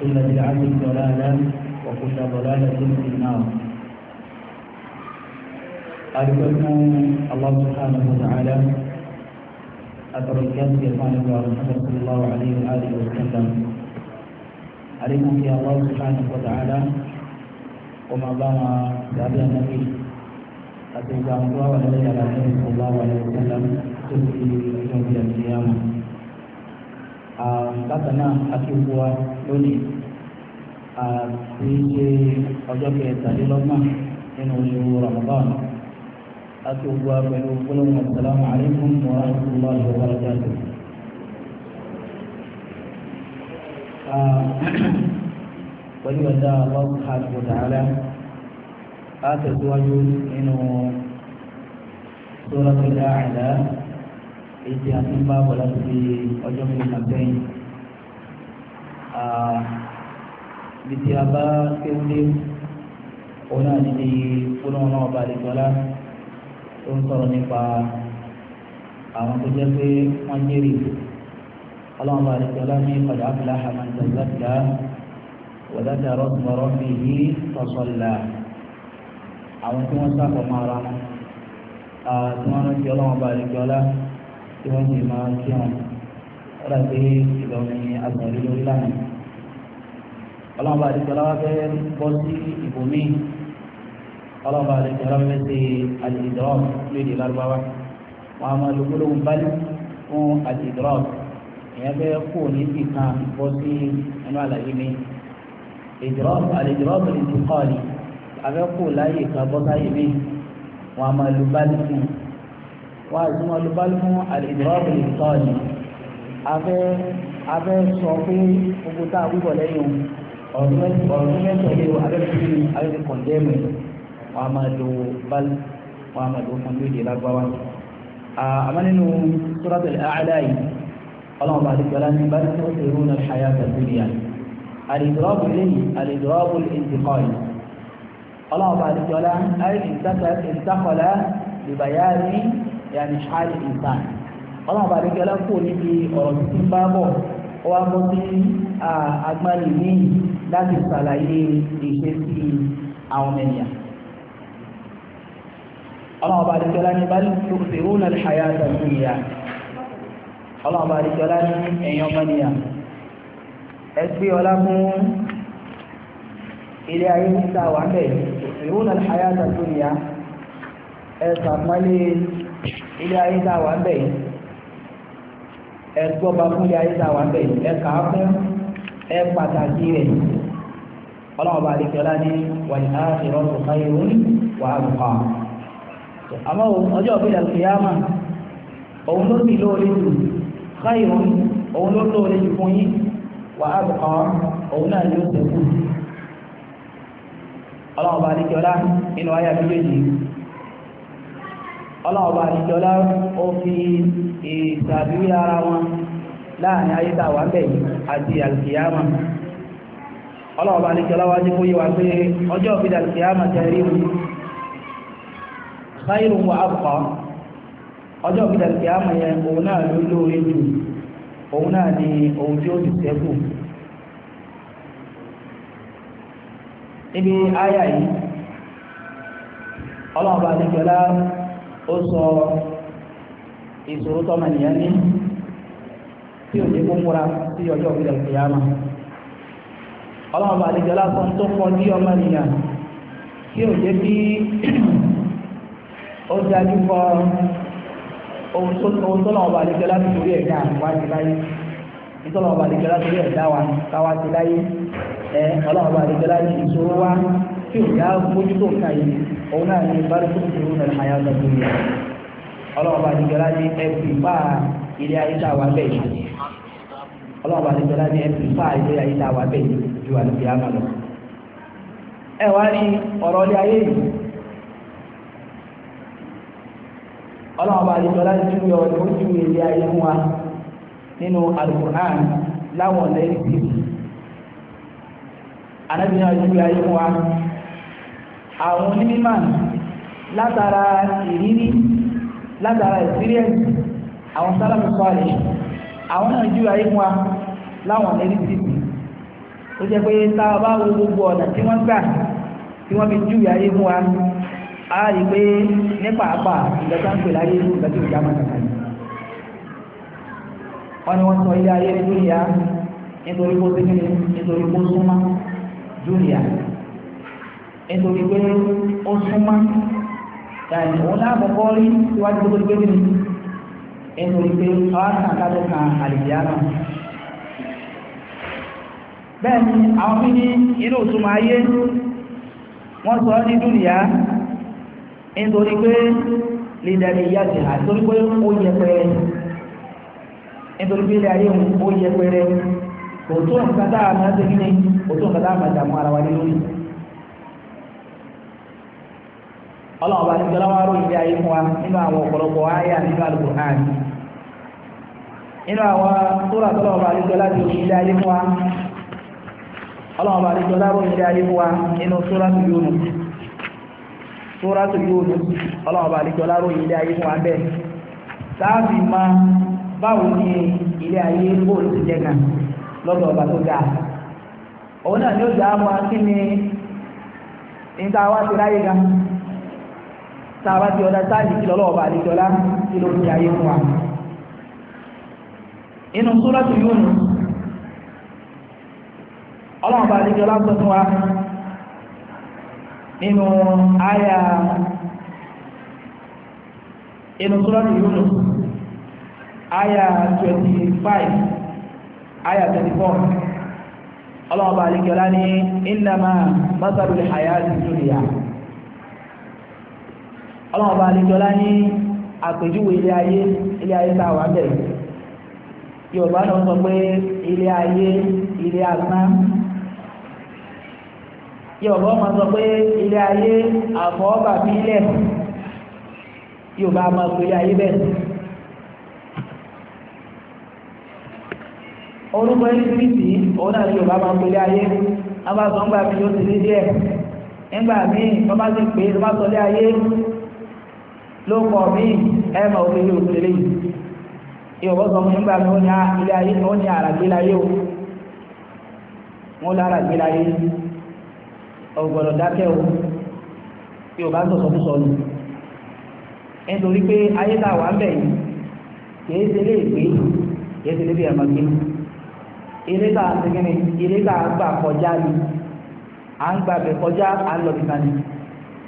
وكل بدعة ضلالة وكل ضلالة في النار أرجوكم الله سبحانه وتعالى أتركت يقال محمد صلى الله عليه وآله وسلم عليكم يا الله سبحانه وتعالى وما بان تابع النبي أتوقع الله ولله على صلى الله عليه وسلم تبكي يوم القيامة bákan náà akéwò wa lónìí àti ṣe ọjọ́ kẹtàlélọ́gbọ̀n nínú oṣù Ramadan akéwò wa pẹ̀lú gbólóhùn asalaamu alaykum wa rahmatulahi wa barakatuh. pẹ̀lú ẹ̀dá Allah subhanahu wa ta'ala a tẹ̀síwájú nínú Suratul A'la èyí tí a ti ń bá bọ̀ láti fi ọjọ́ mélòó kan sẹ́yìn. ibi tí a bá kéwú dé òun náà ní ní kúnlọ́wọ́ náà bá lè tọ́lá tó ń sọ̀rọ̀ nípa àwọn tó jẹ́ pé wọ́n nyèrè ọlọ́run bá lè ní padà áfìlà àmàǹtà ìgbàgbà wàdájà rọ́ọ̀tùmọ̀rọ́ fi yí sọ̀sọ̀lá àwọn tí wọ́n sáfọ̀ máa ra wọn tí wọ́n rántí ọlọ́run bá lè tí wọ́n sì máa ń kí wọn ọ̀rọ̀ àti ìlọrin agbọ̀nrí lórí lánàá. ọlọ́mọba àdìsọ́lá wa fẹ́ bọ́ sí ìbòmí ọlọ́mọba àdìsọ́lá wa fẹ́ ṣe àdìsọ́lá lédè lárúbáwá wọn a máa lo gbólóhùn báyìí fún àdìsọ́lá ìyẹn fẹ́ kó ní sí kan bọ́ sí inú àlàyé mi ìdìrọ́ àdìsọ́lá ìdìkọ́ọ̀lì afẹ́ kó láyè kan bọ́ sáyè mi wọn a máa lo báyìí fún wọ́n àìsàn olùbálò fún àlèdèrọ́bù ìtọ́ni afẹ́ afẹ́ sọ pé gbogbo tá a wíwọ̀ lẹ́yìn ọ̀rọ̀ mẹ́tọ̀lẹ́ abẹ́fẹ́lẹ́ abẹ́fẹ́ kọ̀ndẹ́mù wọn a máa lo bal wọn a máa lo fún lóde lágbáwá. àmọ́ nínú suratul A'la yìí ọlọ́run bá dìgbà láti bá tó èrò náà ṣáyà tàbí àlèdèrọ́bù lẹ́yìn àlèdèrọ́bù ìtìkọ́ni ọlọ́run bá dìgbà láti yàní ṣáàlì ìta ọlọ́run bá dé kẹlẹ́ kò níbi ọ̀rọ̀ títí ń bá bọ̀ ó wá mú sí agbárí míì láti ṣàlàyé ìṣesí àwọn ènìyàn ọlọ́run bá dé kẹlẹ́ ní báyìí tó ṣe rúnà ṣàyà àtàkùn ìyá ọlọ́run bá dé kẹlẹ́ ní ẹ̀yàn ọmọnìyàn ẹ gbé ọlá fún ilé ayé níta wà bẹ́ẹ̀ ìrúnà ṣàyà àtàkùn ìyá ẹ sàpọ́nlé ilé ayé tá a wà ń bẹ̀ yìí ẹgbọ́ba fún ilé ayé tá a wà ń bẹ̀ yìí ẹ kà á fún ẹ pàtàkì rẹ̀ ọlọ́run bá àdìsí ọlá ní wàyí àṣírọ́ tó káyé orí wàá lùkọ́ àmọ́ ọjọ́ òbí ìdàlù kìyàmà òun ló sì lóore jù káyé orí òun ló lóore jù fún yín òun náà yóò tẹ̀kù ọlọ́run bá ayé àbíyèjì ọlọ́ọ̀bá àdìjọlá ó fi ìsàbíwí ara wọn láàrin ayétàwà bẹ̀yìn àti alkiyama ọlọ́ọ̀bá àdìjọlá wá jí fóyíwá pé ọjọ́ òfin alkiyama tẹ̀rí mu khairun wa abqa ni ó sọ ìṣòro tọ́mọ nìyẹn ní tí ò ní kó múra sí ọjọ́ òkúta ìyáma ọlọ́mọba àdìjọ lásán tó kọ ní ọmọ nìyẹn tí ò jẹ́ bí ó dájú kọ ohun tó lọ́mọba àdìjọ láti torí ẹ̀dá wá sí láyé ìtọ́lọ́mọba àdìjọ láti torí ẹ̀dá wa káwá sí láyé ẹ ọlọ́mọba àdìjọ láti ìṣòro wa tí ò já mójútó nǹkan yìí òun náà ní àyà ní bá ilé ayé tá a wà bẹ́ẹ̀ yìí ọlọ́run bá nìjọba ní ẹ̀fì bá ilé ayé tá a wà bẹ́ẹ̀ yìí ju àlùfẹ́ àmà lọ. ẹ wá ní ọ̀rọ̀ ilé ayé yìí ọlọ́run bá nìjọba ní ju ilé ayé wa nínú alukur'an láwọn lẹ́yìn tí ànábìyàn wa. àwọn onímọ̀ látara ìrírí látara experience àwọn sálàmù sọ́ọ̀lẹ̀ àwọn náà ju ayé wa láwọn ẹni títì ó jẹ́ pé tá a bá wo gbogbo ọ̀nà tí wọ́n gbà tí wọ́n fi ju ayé wa a rí pé nípa àpá ìgbàgbọ́n pè láyé ìlú ìgbàgbọ́n ìjà máa kàkà yìí wọ́n ni wọ́n sọ ilé ayé ní dúnìyà nítorí kó sí nítorí kó súnmọ́ dúnìyà nítorí pé ó súnmọ́ yàrá òun láàbọ̀ kọ́ rí síwájú tó gbé nínú nítorí pé ọ̀sán kájọ kan àlèjì àná. bẹ́ẹ̀ ni àwọn fi ní inú òtúmọ̀ ayé wọ́n sọ ọ́ ní dúnìyá nítorí pé lè dàbí ìyá ti hà nítorí pé ó yẹ pẹ́ẹ́ nítorí pé ilé ayé òun ó yẹ pẹ́ẹ́rẹ́ òtún nǹkan tá ọlọ́run bá ní jọlá wá ròyìn ilé ayé fún wa nínú àwọn ọ̀pọ̀lọpọ̀ àyà nínú Al-Qur'an nínú àwọn sóra tọ́lọ́run bá ní jọlá ti ròyìn ilé ayé fún wa ọlọ́run bá ní ayé fún wa bẹ́ẹ̀ sáàbì ma báwo ni ilé ayé bóòlù ti jẹ́ kan lọ́dọ̀ tàbá ti ọ̀dá táàdì kí lọ́lọ́ ọba àdìjọlá kí ló fi ayé fún wa inú ọba àdìjọlá sọ fún wa nínú àyà inú súrọ́tù Yúnus àyà 25 àyà 24 ọlọ́run ọba àdìjọlá ní innama ọlọ́run bá lè jọlá ní àpèjúwe ilé ayé ilé ayé tá a wà bẹ̀rẹ̀ yorùbá náà sọ pé ilé ayé ilé asán yorùbá máa sọ pé ilé ayé àfọwọ́bà bílẹ̀ yorùbá máa pè ilé ayé bẹ́ẹ̀ orúkọ ẹlẹ́sìtì òun náà yorùbá máa pè ilé ayé wọ́n bá sọ ńgbà mi yóò ti lé díẹ̀ ńgbà mi wọ́n bá ti pè é wọ́n bá sọ ilé ayé ló kọ̀ mí ẹ mọ̀ òkè yóò tẹ̀lé ìwọ̀n sọ fún nígbà tó ní ilé ayé tó ní àràgbélayé o o bá sọ̀sọ̀ fún sọ̀nù nítorí pé ayé tá a wà ń bẹ̀ yìí kìí ṣe lè kìí ṣe lè bí ẹ̀mọ́ gbé a ni kọjá ni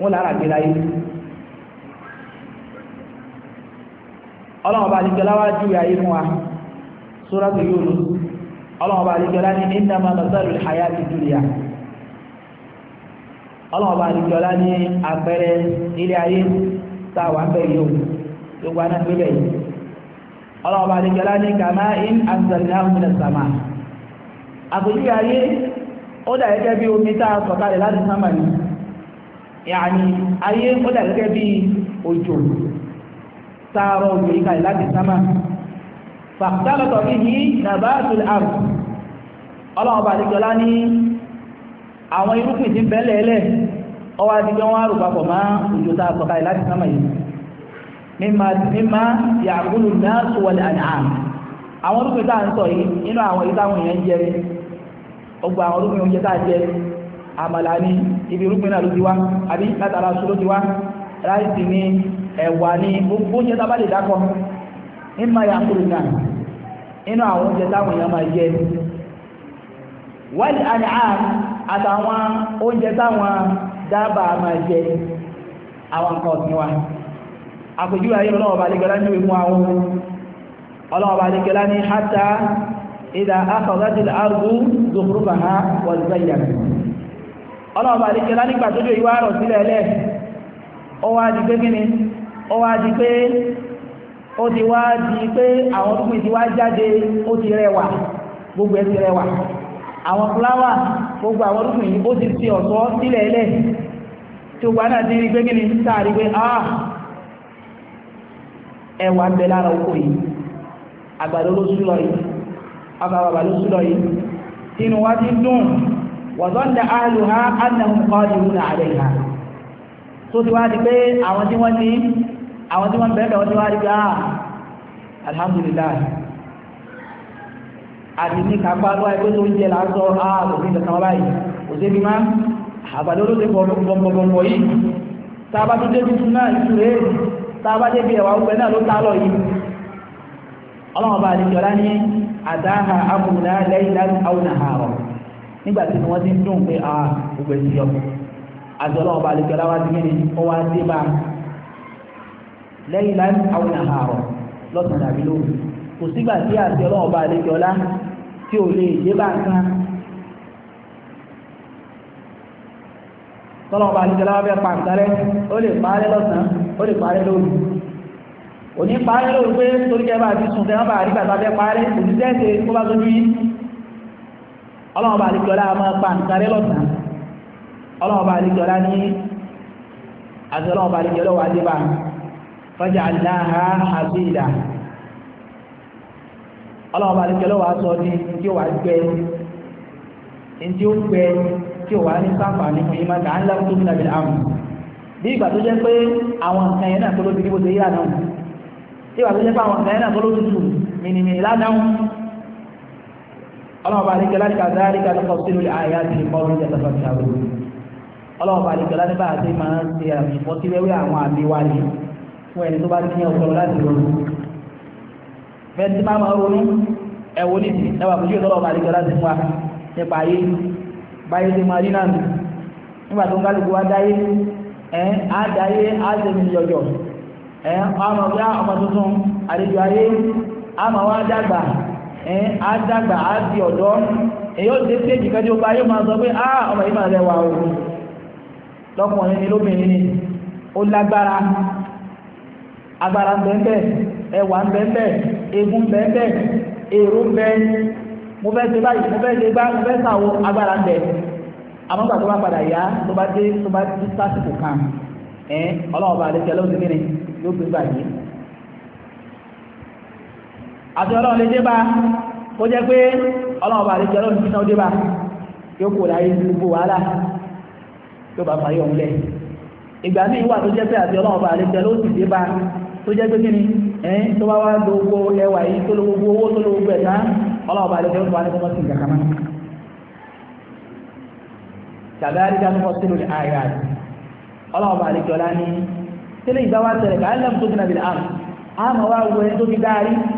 wọ́n lára gbé láyé ọlọ́wọ́ bá alìkẹ́lá wá jù ayé fún wa sóràtù Yunus ọlọ́wọ́ bá alìkẹ́lá ní innama masalu al-hayati dunya ọlọ́wọ́ bá alìkẹ́lá ní àpẹẹrẹ ilé ayé táwà bẹ́ẹ̀ yóò gbogbo aná gbé bẹ́ẹ̀ ọlọ́wọ́ bá alìkẹ́lá ní kama'in anzalnahu minas sama' ayé ó dà gẹ́gẹ́ bí omi tá a sọ̀kalẹ̀ láti sánmà ni yàní ayé ó dà gẹ́gẹ́ bí òjò tààrọ̀ òjò yìí kalẹ̀ sámà fàtàlọ́tọ̀ bí yìí nàbà àrùn ọlọ́run àdìjọlá ní àwọn irúgbìn tí ń bẹ́ ọwọ́ àdìjọ́ wọn àrùn papọ̀ mọ́ òjò tá a sámà yìí mímá yàgùlù náà wọlé àdáhà àwọn irúgbìn àmàlà ní ibi irúgbìn náà ló ti wá àbí látara ṣú ló ti wá ráìsì ní ẹ̀wà ní gbogbo oúnjẹ tábà lè dákọ ìmọ̀ ya kúrò náà inú àwọn oúnjẹ táwọn èèyàn máa jẹ wáyé àní àm àtàwọn oúnjẹ táwọn dábàá máa jẹ àwọn nǹkan ọ̀sìn wa àpèjú ayé ọlọ́wọ́ bá lè gẹ́lá ní ìmú àwọn ọlọ́wọ́ bá lè gẹ́lá ní hátà ìdá akọ̀láti àrùn zòkúrúbà ha wọ́n ọlọ́ọ̀bà àdíkẹ́ lánígbà tó jò ìwá rọ̀ sílẹ̀ ẹlẹ́ ó wá di pé kíni ó wá di pé ó ti wá di pé àwọn tókùn ti wá jáde ó ti rẹwà gbogbo ẹ ti rẹwà àwọn fúláwà gbogbo àwọn tókùn yìí ó ti ti ọ̀tọ̀ sílẹ̀ ẹlẹ́ tí ó gbà náà ti rí pé kíni sáàrí pé ah ẹwà ń bẹ lára oko yìí àgbàdo ló súlọ yìí ọkà bàbà ló súlọ yìí tínú wá ti dùn wọ̀sọ́nà àlùhá annahum qadiruna alayha tó ti wá di pé àwọn tí wọ́n ní àwọn tí wọ́n bẹ̀rẹ̀ wọ́n ti wá rí gbá ah, alhamdulillah àti ní kápá lọ́wọ́ ẹgbẹ́ tó ń jẹ láàtọ́ ààbòfin ah, kankan báyìí kò sí bí máa àbàdó ló ti bọ̀bọ̀bọ̀ yìí tàbá tó débi tún náà ìtúré tàbá débi ẹ̀wà ní àdáhà amúnà lẹ́yìn nígbà tí wọ́n ti ń dùn pé a ah, gbogbo ẹ̀sìn yọ àjọlọ́ ọba àlejòlá wa ti gbẹ́ni ó wá dé bá lẹ́yìn láì àwọn àhàrọ̀ lọ́sàn-án tàbí lóru kò sígbà tí àti ọlọ́wọ́n bá àlejòlá tí ò lè dé bá nǹkan tọ́lọ́wọ́n bá àlejòlá wa fẹ́ pa nǹkan rẹ ó lè parẹ́ lọ́sàn-án ó lè parẹ́ lóru òní parẹ́ lóru pé torí kẹ́ bá ti sùn tẹ́ wọ́n bá àrígbà tàbí parẹ́ òní tẹ́ẹ̀tẹ̀ kó bá tójú yìí ọlọ́ọ̀bà àlejòlá máa pa nǹkan rẹ lọ́sàn-án ọlọ́ọ̀bà ní àti wà dé bá aláha wà sọ ní tí ó gbẹ tí ó gbẹ wà ní sáfà ní fún yíma kà á ń lọ tó nílẹ̀ bìlà bí ìgbà tó jẹ́ pé àwọn nǹkan yẹn náà tó ló ti dìbò ìgbà tó jẹ́ pé àwọn nǹkan yẹn náà tó ló tutù mìnìmìnì ọlọ́ọ̀bá àríkẹ́ láti kàdáríkà lọ́kọ̀ sínú àyà ti kọ́ lóúnjẹ tọ́fà ti àrùn ọlọ́ọ̀bá àríkẹ́ láti bá àti máa ń ṣe àṣìfọ́ sí wẹ́wẹ́ àwọn àmì wa ni fún ẹni tó bá ti ní ọ̀sọ̀ láti ronú bẹ́ẹ̀ tí máa máa ronú ẹ̀wọ́ nìdí ẹwà kò yóò tọ́lọ́ọ̀bá àríkẹ́ láti fún wa ẹ̀ẹ́n àdàgbà àti ọ̀dọ́ èyí ó ṣe sí èjì kan tí ó bá yóò máa sọ pé á ọmọ yìí o lọ́kùnrin ni lóbìnrin ni ó lágbára agbára ẹwà ń egun ń èrò bẹ́ẹ̀ mo fẹ́ ṣe mo agbára bẹ́ẹ̀ tó bá padà yá tó bá àti ọlọ́run lè dé bá kó jẹ́ pé ọlọ́run bá lè jẹ́ ọlọ́run títí dé bá yóò láyé gbogbo wàhálà bá fàyọ̀ ń lẹ̀ ìgbà wà tó jẹ́ pé àti ọlọ́run bá lè jẹ́ ló sì dé bá tó jẹ́ pé kíni ẹ̀yìn tó bá wá gbogbo ẹwà yìí tó lówó owó tó lówó gbẹ̀ tán ọlọ́run bá lè jẹ́ tó bá sì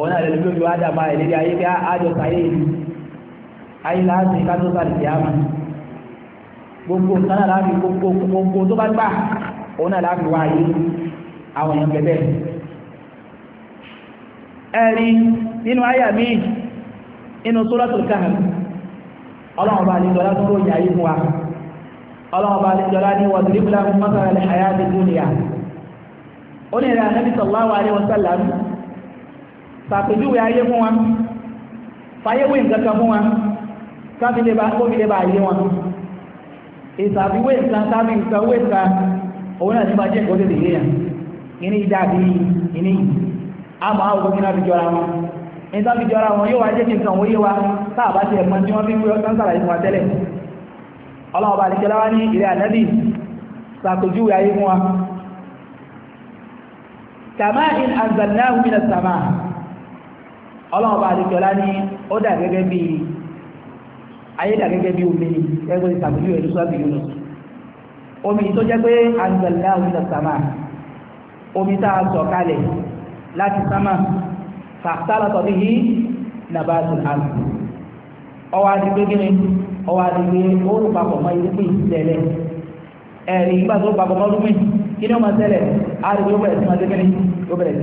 ọ̀nà rẹ̀ ló fi wá ayé pé ájọ sáyé ìlú ayé láti kájọ gbogbo nǹkan láti gbogbo gbogbo tó bá gbà ọ̀nà láti wá ayé àwọn èèyàn bẹ̀bẹ̀ ẹ̀rí nínú ayé mi inú Suratul Kahf ọlọ́run bá nílò láti kó ìyá yìí fún wa ọlọ́run bá nílò láti wọ́n dìrí àyà àti dúnìyà sàpèjúwe ayé fún wa fàyẹ̀wé nǹkan kan fún wa káfílẹ̀ bá kófílẹ̀ bá ayé wọn ìsàfiwé nǹkan sábì nǹkan wé nǹkan òun náà ti bá jẹ́ nǹkan tó lè yé yàn ìní ìdá àbí ìní àmọ́ àwọn òkú náà fi jọra wọn nígbà fi jọra wọn yóò wá jẹ́ kí nǹkan wọ́n yé wa tá a bá ti ẹ̀mọ́ tí wọ́n fi ń wé ọ́n sàlàyé fún wa tẹ́lẹ̀ ọlọ́run bá àlekẹ́lá wá ní ìrẹ́ ànábì sàpèjúwe ayé fún wa kàmáà in àzàlẹ́ àhùn mi nà sàmáà ọlọ́run bá àlejò ọlá ní ó dà gẹ́gẹ́ bí ayé dà gẹ́gẹ́ bí omi ẹgbẹ́ ìsàbílú ẹ̀lú sọ́bì yìí omi tó jẹ́ pé àgbẹ̀lá òun sàmà omi tá a sọ kalẹ̀ láti sámà fàtàlọ́tọ̀ bí yìí nàbà àtùnàmù ọwọ́ adigun gíní ọwọ́ adigun oòrùn papọ̀ mọ́ irúgbìn tẹ̀lẹ̀ ẹ̀rí ìgbà tó papọ̀ mọ́ irúgbìn kí ni ó máa tẹ̀lẹ̀ á rí i ó bẹ̀rẹ̀ sí máa dé gíní ó bẹ̀rẹ̀ sí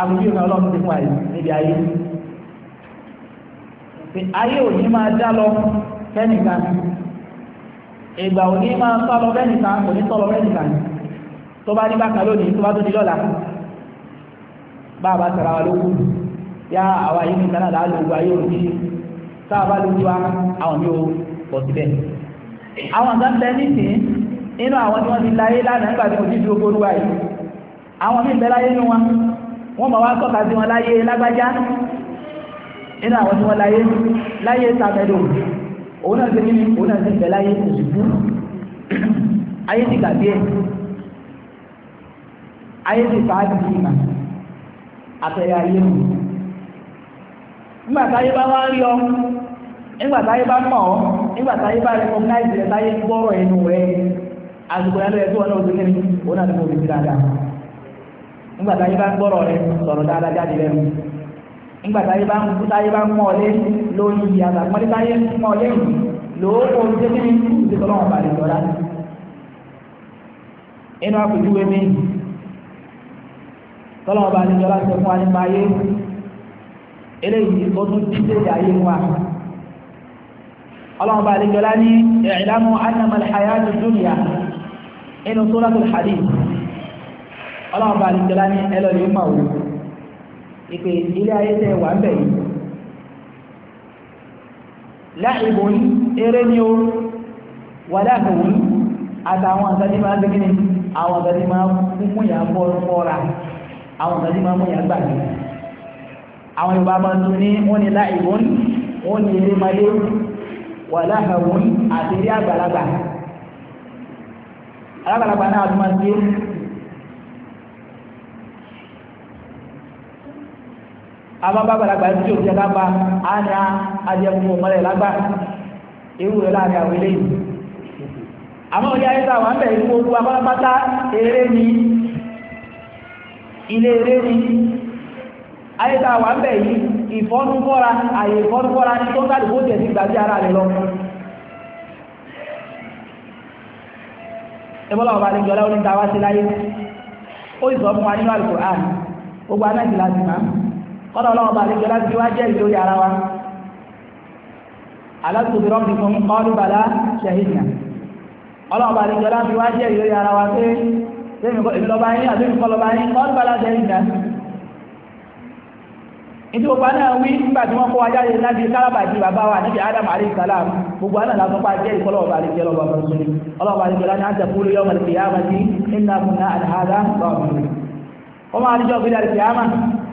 àbújú ìrìn ọlọ́run ti fún àyè níbi ayé ayé ò ní máa já lọ fẹ́nìkan ìgbà ò ní máa sá lọ fẹ́nìkan kò ní sọ́lọ fẹ́nìkan tó bá ní bákan lónìí tó bá tó ní lọ́la bá a bá tara wa lókù yá àwa yìí nìkan náà láàlú ogun ayé òní tá a bá lójú wa àwọn mi ò pọ̀ síbẹ̀ àwọn kan bẹ nísìnyí nínú àwọn tí wọ́n ti láyé lánàá nígbà tí mo ti dúró gbórúwa yìí àwọn mi bẹ láyé nínú wọn wọ́n ma wá tọ́ka sí wọn láyé lágbájá nínú àwọn tí wọ́n láyé láyé sàmẹ́lò òun náà ti kíni òun náà ti fẹ́ láyé òṣùpù ayé ti gbàgbé ẹ̀ ayé ti fà á di ìmà àtẹ̀yẹ ayé bá wá rí ọ nígbà táyé bá mọ̀ bá náà gbọ́rọ̀ ẹnu rẹ̀ àsìkò yẹn lọ́yẹ̀ tí wọ́n náà òun náà nígbàtà yí bá ń gbọ́rọ̀ rẹ sọ̀rọ̀ dáadáa jáde lẹ́nu nígbàtà yí bá ń kúta yí bá ń mọ̀ ọ́lé lórí ìyá àtàkùnmọ́lẹ́ta yí ń mọ̀ ọ́lé yìí lòó kó o jẹ́ kíni ìdí tọ́lọ́wọ́n bá lè sọ̀rọ̀ inú àpèjúwe mi tọ́lọ́wọ́n bá lè sọ̀rọ̀ àti ẹ̀fún àyípa ayé eléyìí ó tún dídé ayé wa ọlọ́wọ́n bá lè sọ̀rọ̀ ní ìlànà ọlọ́run bá àlejòlá ní ẹlọ́lẹ̀ ó máa wò ìpè ilé ayé tẹ́ wà ń bẹ̀ yìí láìbò ní eré ní o wà láàkò wò ní àtàwọn àtàdé máa ń gbé ní àwọn àtàdé máa ń yà fọ́ra àwọn àtàdé máa ń mú àwọn yorùbá máa tún ní wọ́n ní láìbò ní wọ́n ní eré máa wà láàkò ní àti eré àgbàlagbà alágbàlagbà náà tún máa gbé abábàgbàlagbà tí òjò lágbà á ní ajẹkùn ọmọlẹ̀ lágbà ewu rẹ̀ láàrin àwọn eléyìí àmọ́ òjò ayé sáwà ń bẹ̀ ikú ogun apárápátá eré ni ilé eré ni ayé sáwà ń bẹ̀ yìí ìfọ́núfọ́ra àyè ìfọ́núfọ́ra ní tó ń sáré kó tẹ̀sí ìgbà sí ara rẹ̀ lọ ẹbọ́lá ọba ní ìjọlá oníta wá sí láyé ó ìsọ fún wa nínú àlùkò àrùn gbogbo anáìsí láti máa kọ́dọ̀ ọlọ́wọ́ bá àlejò láti wá jẹ́ ìlú yàrá wa alákòókò rọ́bì fún kọ́ọ̀lù bàlá ṣẹ̀hìnà ọlọ́wọ́ bá àlejò láti wá jẹ́ ìlú yàrá wa pé ìlọba yín àti ìkọlọba yín kọ́ọ̀lù bàlá ṣẹ̀hìnà ìdí òpá náà wí nígbà tí wọ́n kó wájá lè láti káràbàjì bàbá wa níbi adam alayhi salam gbogbo àná làwọn pa jẹ́ ìkọlọ́wọ́ bá lè jẹ́ lọ́wọ́ bá sọ ní ọlọ́wọ́ àlejò láti á tẹ̀kú ọmọ ìfìyàmà sí nínú àdáhàdá lọ́wọ́ wọ́n máa rí jọ́ gbé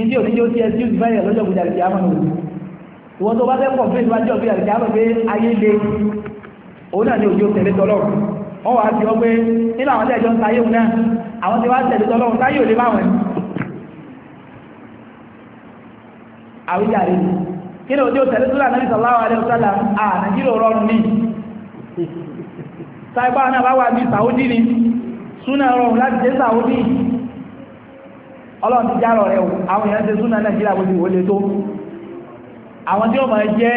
ìdí òní yóò ti ẹ tíú ìbáyẹ̀ lọ́jọ́ gbogbo àti àmọ́ nù ìwọ́n tó bá fẹ́ pọ̀ fún ìbájọ́ bí àti àmọ́ pé ayé le òun náà ni òjò tẹ̀lé tọ́lọ́run wọ́n wàá fi ọ pé nínú àwọn tẹ́jọ́ ń tayé òun náà àwọn tí wá tẹ̀lé tọ́lọ́run táyé ò lè bá wọn àwíjàre kí ni òjò tẹ̀lé tó lànà ìsọ̀lá wa lẹ́wọ́ sálà à nàìjíríà rọrùn ní sáìpá náà bá wà ní sàódì ni súnà rọrùn láti dé sàódì ọlọ́run ti járọ̀ rẹ̀ àwọn èèyàn ṣe súnà nàìjíríà gbogbo ìwò lè tó àwọn tí ó mọ̀ jẹ́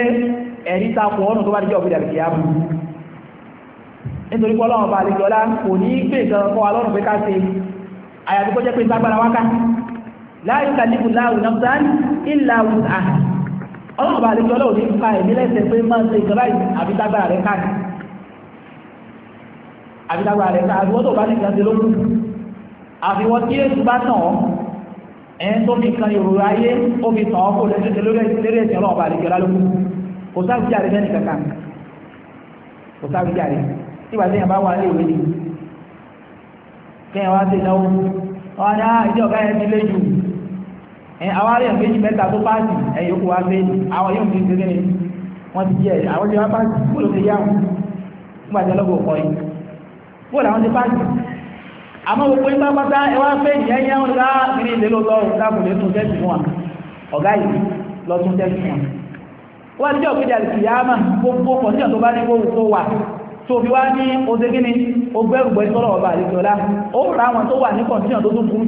ẹ̀rí takò ọ̀nà tó bá jẹ́ ọ̀gbẹ̀dà kìí àbú nítorí pọ́lọ́run bá àlejò ọlá kò ní pè kan kọ́ wa lọ́rùn pé ká ṣe àyàfi kó jẹ́ pé tágbára wáká láyé kàlífù láwù nàbdán ìlà bá ní fa ẹ̀mí lẹ́sẹ̀ pé máa bá ní ìgbà ẹ̀yìn tó fi kan ìrù ayé ó fi tàn ọkọ̀ lẹ́sẹ̀ lórí ẹ̀sìn ọlọ́ọ̀bà àríkẹ́ lálógún kò sáà fi jáde lẹ́nì kankan kò sáà fi jáde nígbà tí yẹn bá wà nílé ìwé ni kẹ́yìn wá sí ìnáwó wọn ni ah ìdí ọ̀gá yẹn ti lé jù ẹ̀yìn àwọn aríyàn méjì mẹ́ta tó páàsì ẹ̀yìn òkú wa fẹ́ àwọn yóò fi kékeré wọn ti jẹ àwọn ti wá páàsì kó ló ti yá wọn nígbà tí ọlọ́gbọ̀ kọ́ yìí kó àmọ́ gbogbo ipá pátá ẹwà fẹ́ ìyẹn yẹn ń ra ní ilé lọ́tọ́ ìdákùnlé tún tẹ́sì fún wa ọ̀gá yìí lọ tún tẹ́sì fún wa wọ́n ti jẹ́ òkèdè àlùkìyàmà gbogbo kọ̀ọ̀tíyàn tó bá ní gbogbo tó wà tó fi wá ní oṣe gíní ogbẹ́rùgbẹ́ sọ́rọ̀ ọba àlejòlá ó rà àwọn tó wà ní kọ̀ọ̀tíyàn tó tún ni òun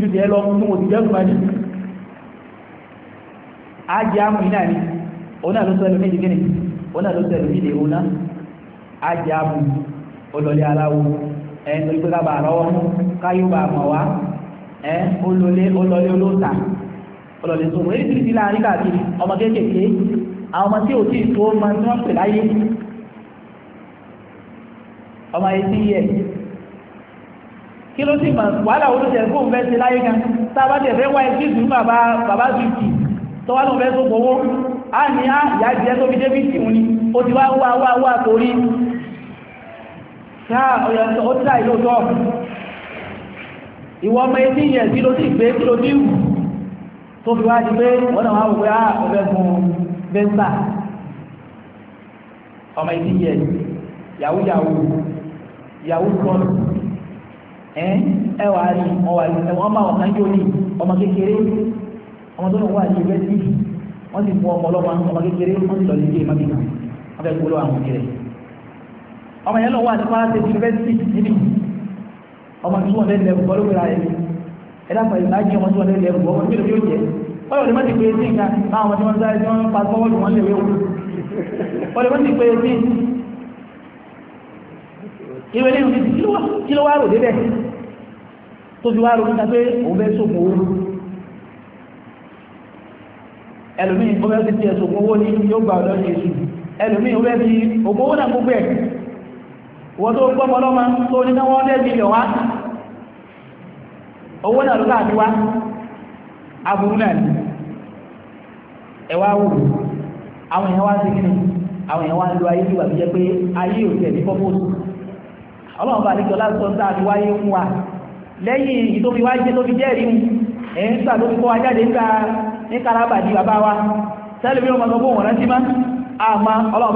náà ló sọ ẹlòmíì gíní òun ẹ torí pé kábàá rọwọ́ káyọ̀ bá mọ̀ wá ẹ olólè olólè olóòtà olólè sọ̀rọ̀ èyí tìrìtì láàrin káàkiri ọmọ kéékèèké àwọn ọmọ tí ò tí ì tó máa tí wọ́n pè láyé ọmọ yìí ti yẹ kí ló sì mọ̀ wàhálà wo ló jẹ kó ń fẹ́ ṣe láyé kan tá a bá tẹ̀ fẹ́ wá ẹgbẹ́ ìdùnnú bàbá bàbá zuki tó wá ló fẹ́ tó gbowó á ní á ìyá jẹ́ tó fi débìtì òun ni ó ti wá wá wá wá torí káà ọ̀yọ̀ ó tà ìlú tọ́ ìwọ ọmọ etí yẹ kí ló ti gbé kí ló ti wù tó fi wá di pé wọ́n náà wá wò pé á ah, ọ̀fẹ́ gun bẹ́ńsà ọmọ etí yẹ yahoo yahoo yahoo kọ́nù ẹ wà á rí wọn wà rí wọn bá wọn kan jó ní ọmọ kékeré ọmọ tó náà wà ní ìgbésí wọn sì fún ọmọ ọlọ́mọ ọmọ kékeré wọn sì lọ sí ilé ìmọ̀ ọmọ yẹn lọ wà ní kwara state university níbi ọmọ tí wọn lè lẹ ẹ̀kọ́ ló gbéra yẹn ẹ̀dá pẹ̀lú náà jẹ́ ọmọ tí wọn lè lẹ ẹ̀kọ́ ọmọ tí wọn lè jẹ́ ọyọ lè má ti pé sí nǹkan náà àwọn tí wọn sáré tí wọn pa sọ́wọ́ lù wọn lè wéwu ọyọ lè má ti pé sí ìwé lẹ́yìn ti kí ló wá rò débẹ̀ tó fi wá rò níta pé òun bẹ́ sókun owó ẹlòmíì ó bẹ́ ti tiẹ̀ sókun owó ní yóò gbà ọ̀dọ́ ní ẹlòmíì ó bẹ́ ti òkú náà gbogbo ẹ̀ wọ́n tó gbọ́ ọlọ́mọ tó ní náwó ọdẹ́ mílíọ̀n wá owó náà lókà àti wá aburú náà ni ẹ wá àwọn èèyàn wá sí kí ni àwọn èèyàn wá ń lo ayé jẹ́ pé ayé ò tẹ̀lé ọlọ́run bá láti àti wáyé ń wà lẹ́yìn ìtòfi wáyé tó fi wa bí wọ́n sọ fún rántí má ọlọ́run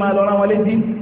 bá láti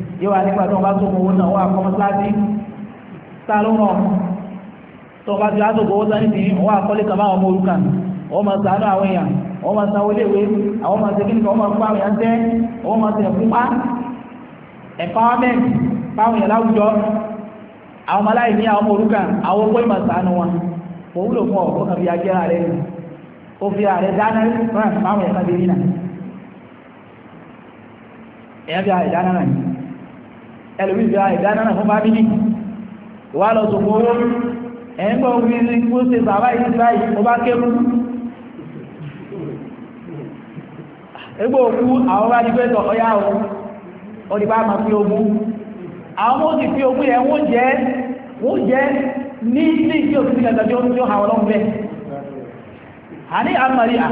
yóò wá nípa tó ń bá sókun owó náà wọ́n akọ́ mọ́sálásí tá ló rọ̀ tó ń bá ti wá sókun owó sani tì wọ́n akọ́lé kaba ọmọ òrukàn wọ́n máa ṣàánú àwọn èèyàn wọ́n máa sanwó léwe àwọn máa ṣe kíni kan wọ́n máa fún àwọn èèyàn tẹ́ wọ́n máa ṣe ẹ̀kú pa empowerment fáwọn èèyàn láwùjọ àwọn aláìní àwọn ọmọ òrukàn àwọn owó ìmọ̀ ṣàánú wọn kò wúlò fún ọ̀pọ̀ ẹlòmí ìjọ ìdáná náà fún fámílì ìwà lọ sọ fún owó ẹ̀yìn gbọ́ orí ní kó ṣe bàbá yìí báyìí ó bá kéwú egbò òkú àwọn bá ní pẹ́tọ̀ ọyá o ó ní bá máa fi ogún àwọn mọ́ ti fi ogún yẹn wọ́n jẹ́ wọ́n jẹ́ ní ilé ìjọ òfin ìgbàgbà tí ó ń tí ó hàn ọlọ́run bẹ́ẹ̀ àní àmàrí à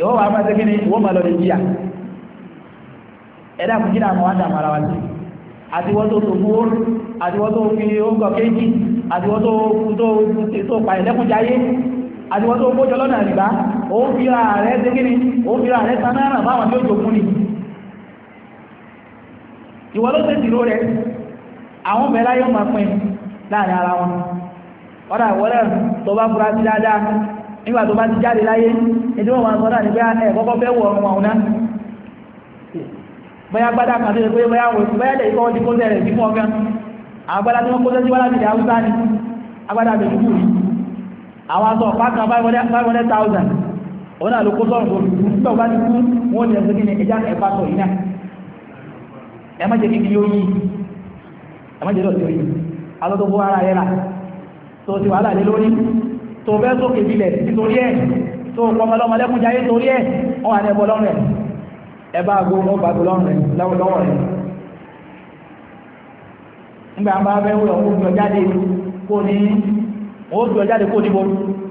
ìwọ wà máa tẹ́kí ni ìwọ máa lọ lè jíyà ẹ̀dá kùn jíra àwọn àdàmà ara wa sí àtiwọ́ tó tó mú orí àtiwọ́ tó fi oúnjẹ kéjì àtiwọ́ tó pa ẹ̀lẹ́kùnjáyé àtiwọ́ tó kójọ lọ́nà àríbá ó fi ra rẹ̀ tẹ́kí ni ó fi ra rẹ̀ sanára báwọn tí ó jogún ni ìwọ ló tẹ́ tìró rẹ̀ àwọn bẹ̀rẹ̀ ayọ́ máa pin láàrin ara wọn ọ̀dà ìwọ́lẹ̀ tó bá fura sí dáadáa nígbà tó bá ti jáde láyé ètò wọn máa sọ náà ní pé ah, ẹ kọ́kọ́ fẹ́ wọ ọrùn àwọn náà bóyá kan tó yẹ pé bóyá wò sí bóyá lè kọ́ ti kó sẹ́rẹ̀ sí fún ọgán àwọn gbádà tí wọ́n kó sẹ́sí wọ́lá nílẹ̀ haúsá ni agbádà àbẹ̀dúgbù thousand òun náà ló kó sọ̀rọ̀ tó lù ni ẹja ẹ̀fà sọ yìí náà ẹ má jẹ́ kiri ó yí ẹ má jẹ́ lọ́ọ̀tì ó yí alọ́dọ́ fún lórí tó bẹ́ sókè bílẹ̀ nítorí ẹ̀ tó kọmọlọ́mọ lẹ́kúnjáyé torí ẹ̀ wọ́n wà ní ẹbọ lọ́rùn ẹ̀ ẹbá agbó wọ́n gbàgbó lọ́rùn ẹ̀ lọ́wọ́ rẹ̀ nígbà bá bẹ́ wọ́n kó gbọ́ jáde kó ní ó gbọ́ jáde kó níbo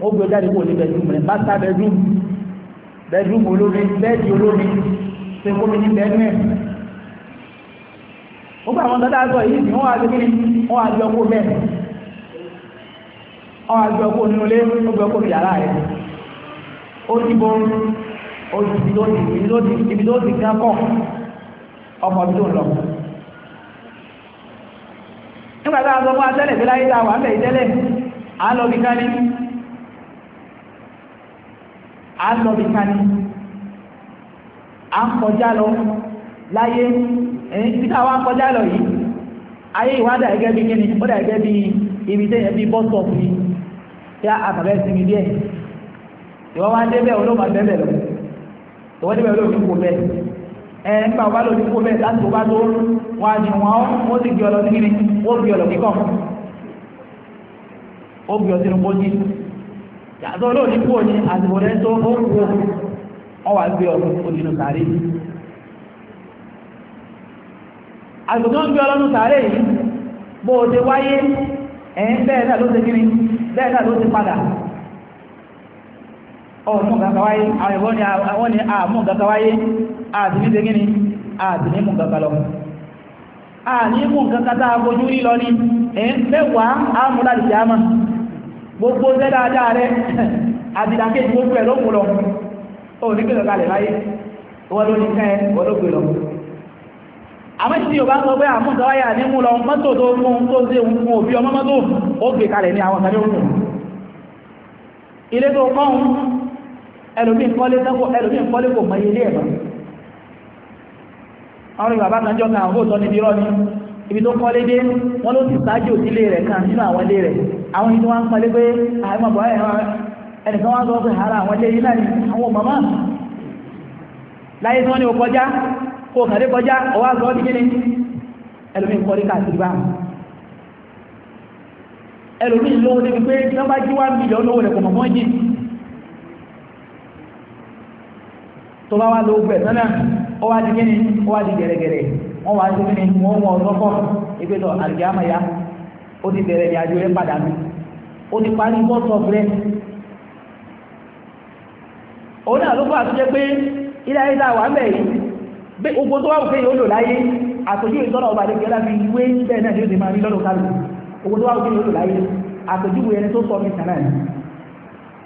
ó gbọ́ jáde kó ní bẹ̀dúm rẹ̀ bá sá bẹ̀dúm bẹ̀dúm olómi bẹ́ẹ̀dì olómi ní bẹ́ẹ̀nú ẹ̀ ọwọ́ àgbẹ̀ ọkọ̀ nínú ilé ọgbẹ̀ ọkọ̀ yàrá rẹ̀ ó ti bọ́ ó ti ibi tó ti dákọ̀ ọkọ̀ bí tó ń lọ. nígbà tá a sọ fún atẹ́lẹ̀ bí láyé tá a wà bẹ̀ ìtẹ́lẹ̀ à ń lọ bí kání à ń lọ bí kání à ń kọjá lọ láyé ibi tá a wá ń kọjá lọ yìí ayé ìwádà gẹ́gẹ́ bí kíni ó dà gẹ́gẹ́ bí ibi tẹ́yẹ bí bọ́sọ̀ọ̀fù yìí tí àtàbẹ́ sinmi díẹ̀ ìwọ́n wá débẹ̀ olóòmà bẹ́ẹ̀ lọ ìwọ́n débẹ̀ olóòmà kò bẹ́ẹ̀ ẹ nípa ọba lòdì kò bẹ́ẹ̀ láti tó ó sì gbé ọ lọ sí kíni ó gbé ọ lọ kíkọ́ ó gbé ọ sínú yàtọ̀ ní tó ó wà gbé ọ sàárè tó ń gbé ọ sàárè bẹ́ẹ̀ náà ló ti padà ọmọ gàkàwáyé àwọn ìwọ́n ni àwọn ni àmú gàkàwáyé àti ní tegini àti ní mú gàkàlọ àní mú gàkàtà àfojú rí lọ ní ẹ̀ mẹ́wàá àmúláti jáàmà gbogbo dáadáa rẹ̀ àdìdàkejì gbogbo ẹ̀ ló mú lọ àmọ́ ọba yóò bá sọ ní mú mọ́tò tó fún tó sí ohun òbí ọmọ mọ́tò ó gbé kalẹ̀ ní àwọn ọ̀sán lóòrùn ilé tó kọ́hún ẹlòmí kọ́lé kò mọ ilé ẹ̀mọ́ àwọn ìgbà kan jọ kan àwọn òsọ rọ́ ibi tó kọ́lé dé wọ́n ló ti sáájú rẹ̀ kan wọn sọ pé ara àwọn ilé yìí kó kàrí kọjá ọwá sọ ọ́ di kíni ẹlòmíì siri káàkiri bá ẹlòmíì lówó débi pé nọ́mbà jí wá mílíọ̀n lówó rẹ̀ kò jì tó bá wá gbẹ̀ sánà ọwá di ọwá di wọ́n wá sí wọ́n ya ó ti bẹ̀rẹ̀ ní padà mi ó ti parí ló ilé bí ogun tó wà wù pé yóò lò láyé àtòjú ìtọ́nà ọba àdékẹ́ láti wé bẹ́ẹ̀ náà yóò ti máa rí lọ́dọ̀ kálù ogun tó wà wù pé yóò lò láyé àtòjú ẹni tó sọ mìtàn náà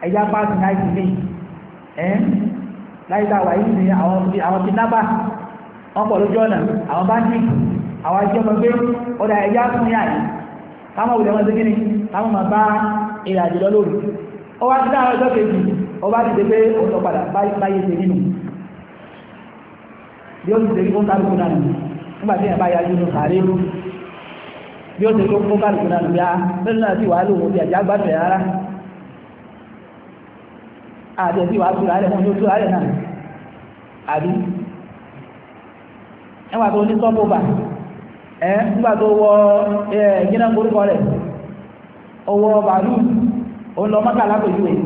ẹ̀yà pàṣẹ náà ti a wà yìí ní àwọn kidnapper wọn pọ̀ lójú ọ̀nà àwọn bandit àwọn ajọ́mọgbé ọ̀dà ẹ̀yà fún yà yìí káwọn òwúlẹ̀ wọn dégé bí ó ti ṣe rí fún náà nù nígbà tí bá yára nínú sàárè rú bí ó ti rí fún kálukú náà nù bí a lónìí náà sì wàá lò wọ́n bí àjá gbàtẹ̀ rárá àti ẹ̀sìn wàá tura rẹ̀ fún yóò tura rẹ̀ náà àbí ẹwà tó ní sọ́pọ̀bà ẹ nígbà tó wọ ẹ gínà gbórúkọ rẹ̀ owó bàálù òun lọ mọ́tàlá pẹ̀lú ẹ̀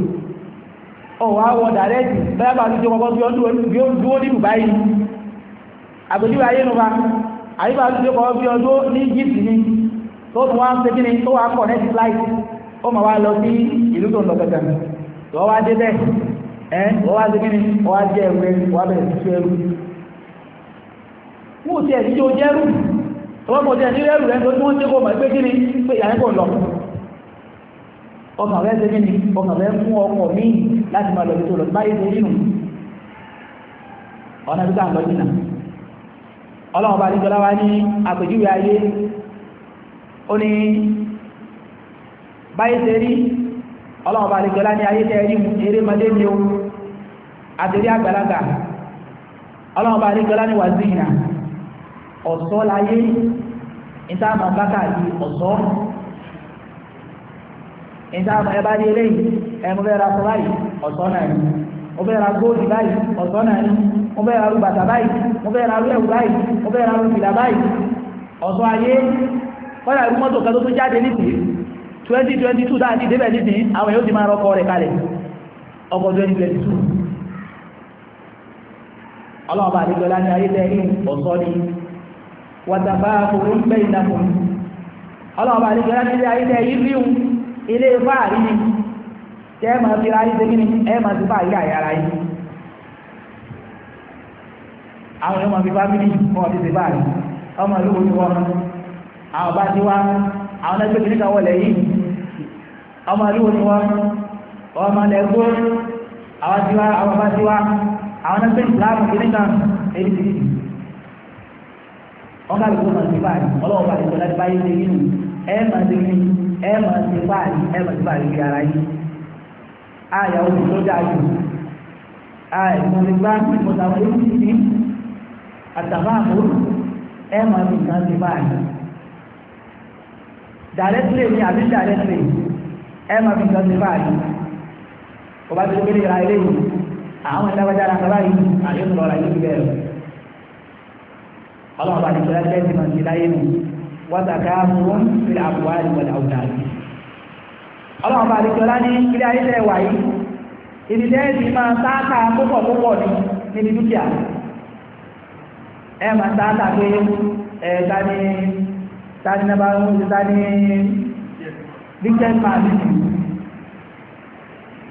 ọ̀wọ́ àwọ̀ dàrẹ́ẹ̀tì bẹ́ẹ̀ bàálù tó kọ́kọ́ bí ó dúró ní àgbèjúwe ayé nu ba àyíká tó dé kọ́ bí ọdún ní Egypt ni tó tún wá ń ṣe kí ni tó wá kọ̀ next flight ó mà wá lọ sí ìlú tó ń lọ gàgà wọ́n wá dé bẹ́ẹ̀ ẹ́ wọ́n wá ṣe kí ni wọ́n wá jẹ́ ẹ̀wẹ́ wọ́n bẹ̀rẹ̀ sí fẹ́rù mú ti ẹ̀sí tó jẹ́rù wọ́n mọ̀ tí ẹ̀sí rẹ̀rù rẹ̀ tó tí wọ́n tí kò mọ̀ pé kí ni pé ìyàrẹ́ kò lọ ọkàn rẹ̀ ṣe kí ni ọkàn rẹ̀ fún ọkọ̀ mí láti máa lọ sí tó lọ báyìí tó nínú ọ̀nà bí ká lọ ọlọ́run bá níjọlá wá ní àpèjúwe ayé ó ní báyé tẹ́ rí ọlọ́run bá níjọlá ní ayé tẹ́ rí eré mọ́dé ní o àtẹ́rí àgbàlagbà ọlọ́run bá níjọlá ní wàzíhìnà ọ̀sọ́ láyé ìtààmà bákàdì ọ̀sọ́ ìtààmà ẹbá ní eléyìí ẹmú ọ̀sọ́ mo fẹ́ ra góòlì báyìí ọ̀tọ̀ náà ni mo fẹ́ ra rú bàtà báyìí mo fẹ́ ra rú ẹ̀wù báyìí mo fẹ́ ra rú báyìí ayé kọ́lá mọ́tò kan tó tún jáde nísìnyí twenty twenty two débẹ̀ nísìnyí àwọn yóò ti máa rẹ̀ kalẹ̀ ọkọ̀ twenty twenty two ayé ni fòrò ń ni kẹ ẹ máa fi ra yín segin ni ẹ máa ti bá ayé àyà ara yín àwọn èèyàn máa fi fámìlì wọn ti ti bá rẹ ọmọ ìlú wo ni wọn àwọn bá ti wá àwọn náà gbèsè níta wọlé yìí ọmọ ìlú wo ni wọn ọmọ ilẹ̀ gbó àwọn ti wá àwọn bá ti wá àwọn náà gbèsè láàmù kan èyí ti di wọn káàbí wọn máa ti bá rẹ ọlọ́wọ́ bá ti sọ láti bá yín segin ni ẹ máa segin ni ẹ máa ti bá rẹ ẹ máa ti bá rẹ ara yín àyà òbí tó dáa jù àyà ìgbà ìmọ̀tàwọn èyí ní àtàwọn àbúrò ẹ̀ máa fi nǹkan ti báyìí directly ni àbí directly ẹ̀ máa fi nǹkan ti báyìí ọba tó gbélé ra ilé yìí àwọn ìdáwájá ara kaba yìí àti ìtura ọ̀la yìí bẹ̀rẹ̀ ọlọ́run bá ti gbé láti ẹ̀ ti ti láyé nù wọ́n ta ká mú àbúwá ìwọ̀n àwùjá yìí ọlọ́run bá àlejò ọlá ní ilé ayé tẹ́ wà yìí ibi tẹ́ ti máa sáàtà púpọ̀ púpọ̀ ní níbi dúkìá ẹ máa sáàtà pé ẹ tani tani nàbà ń ṣe tani richard man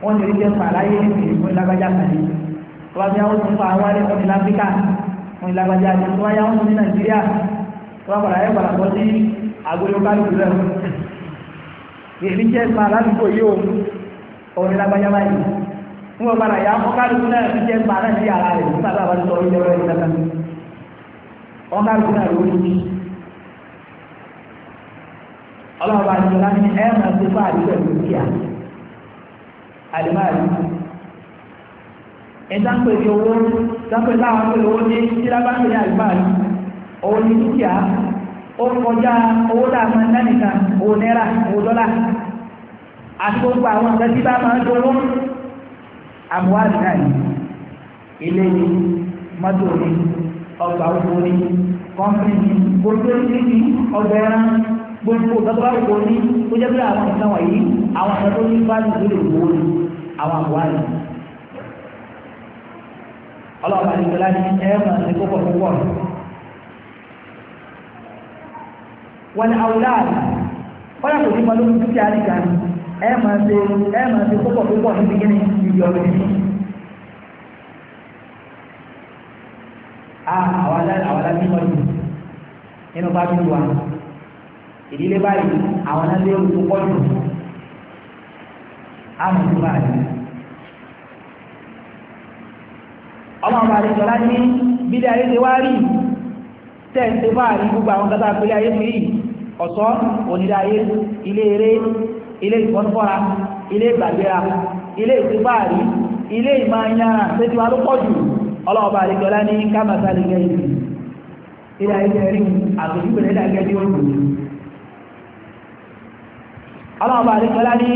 wọ́n ní richard man láyé ìpè fún ìlágbájá kan yìí wọ́n fi àwọn òṣùpá àwọn àlejò ní láfíríkà fún ìlágbájá àti wọ́n yá wọn ní nàìjíríà wọ́n padà yẹ padà bọ́ sí agolo kálukú lẹ́nu. e jẹ́ ìgbà aládùúgbò yóò orin lágbájá báyìí ń wọ́n padà yá ọkàlùkù náà ti jẹ́ ara rẹ̀ a bá ti sọ orí ọkàlùkù náà ló ní ọlọ́run bá ti láti ẹ̀ máa ti fún àdúgbò ìlú kíá àdìmáàlú ìdáǹpẹ̀ owó ìdáǹpẹ̀ láwọn owó ní ní ó kọjá owó tá a máa ń dá nìkan owó náírà owó dọ́là àti gbogbo àwọn nǹkan tí bá máa ń dọ́wọ́ àbúwádìí náà ilé ni mọ́tò ni ọgbà òkú ni kọ́ńtì ni gbogbo ní ní ọgbà ẹran gbogbo gbogbo àwòkọ ní tó jẹ́ pé àwọn nǹkan wọ̀nyí àwọn nǹkan tó ní fáàlì tó lè wò ó àwọn àbúwádìí ọlọ́ọ̀bà nìkan láti ẹ̀ máa ń kókò púpọ̀ wọ́n àwùláàdì wọ́n yàtọ̀ nípa lórí dúkìá nìkan ni ẹ máa ṣe ẹ máa ṣe púpọ̀ púpọ̀ níbi gíní ibi ọ̀rọ̀ ìdí. Ah, àwọn aláàbí wọn ni nínú fábílì wa ìdílé báyìí àwọn aláàbí wọn tó pọ̀jù àmọ̀ tó báyìí. ọmọ ọmọ àlejò láti bílẹ̀ ayé ti wá rí tẹ̀ ṣe báyìí gbogbo àwọn kátà pélé ayé mi yìí ọ̀tọ́ onídàáyé ilé eré ilé ìfọ́nfọ́ra ilé ìgbàgbéra ilé ìtìfáàrí ilé ìmáyára tẹ́tí wa ló pọ̀ jù ọlọ́ọ̀bá àríkọlá ní kámàtà lè gẹ́ ìlú ilé ayé rí àtòjúbẹ̀ lẹ́dà gẹ́gẹ́ ó lò ọlọ́ọ̀bá àríkọlá ní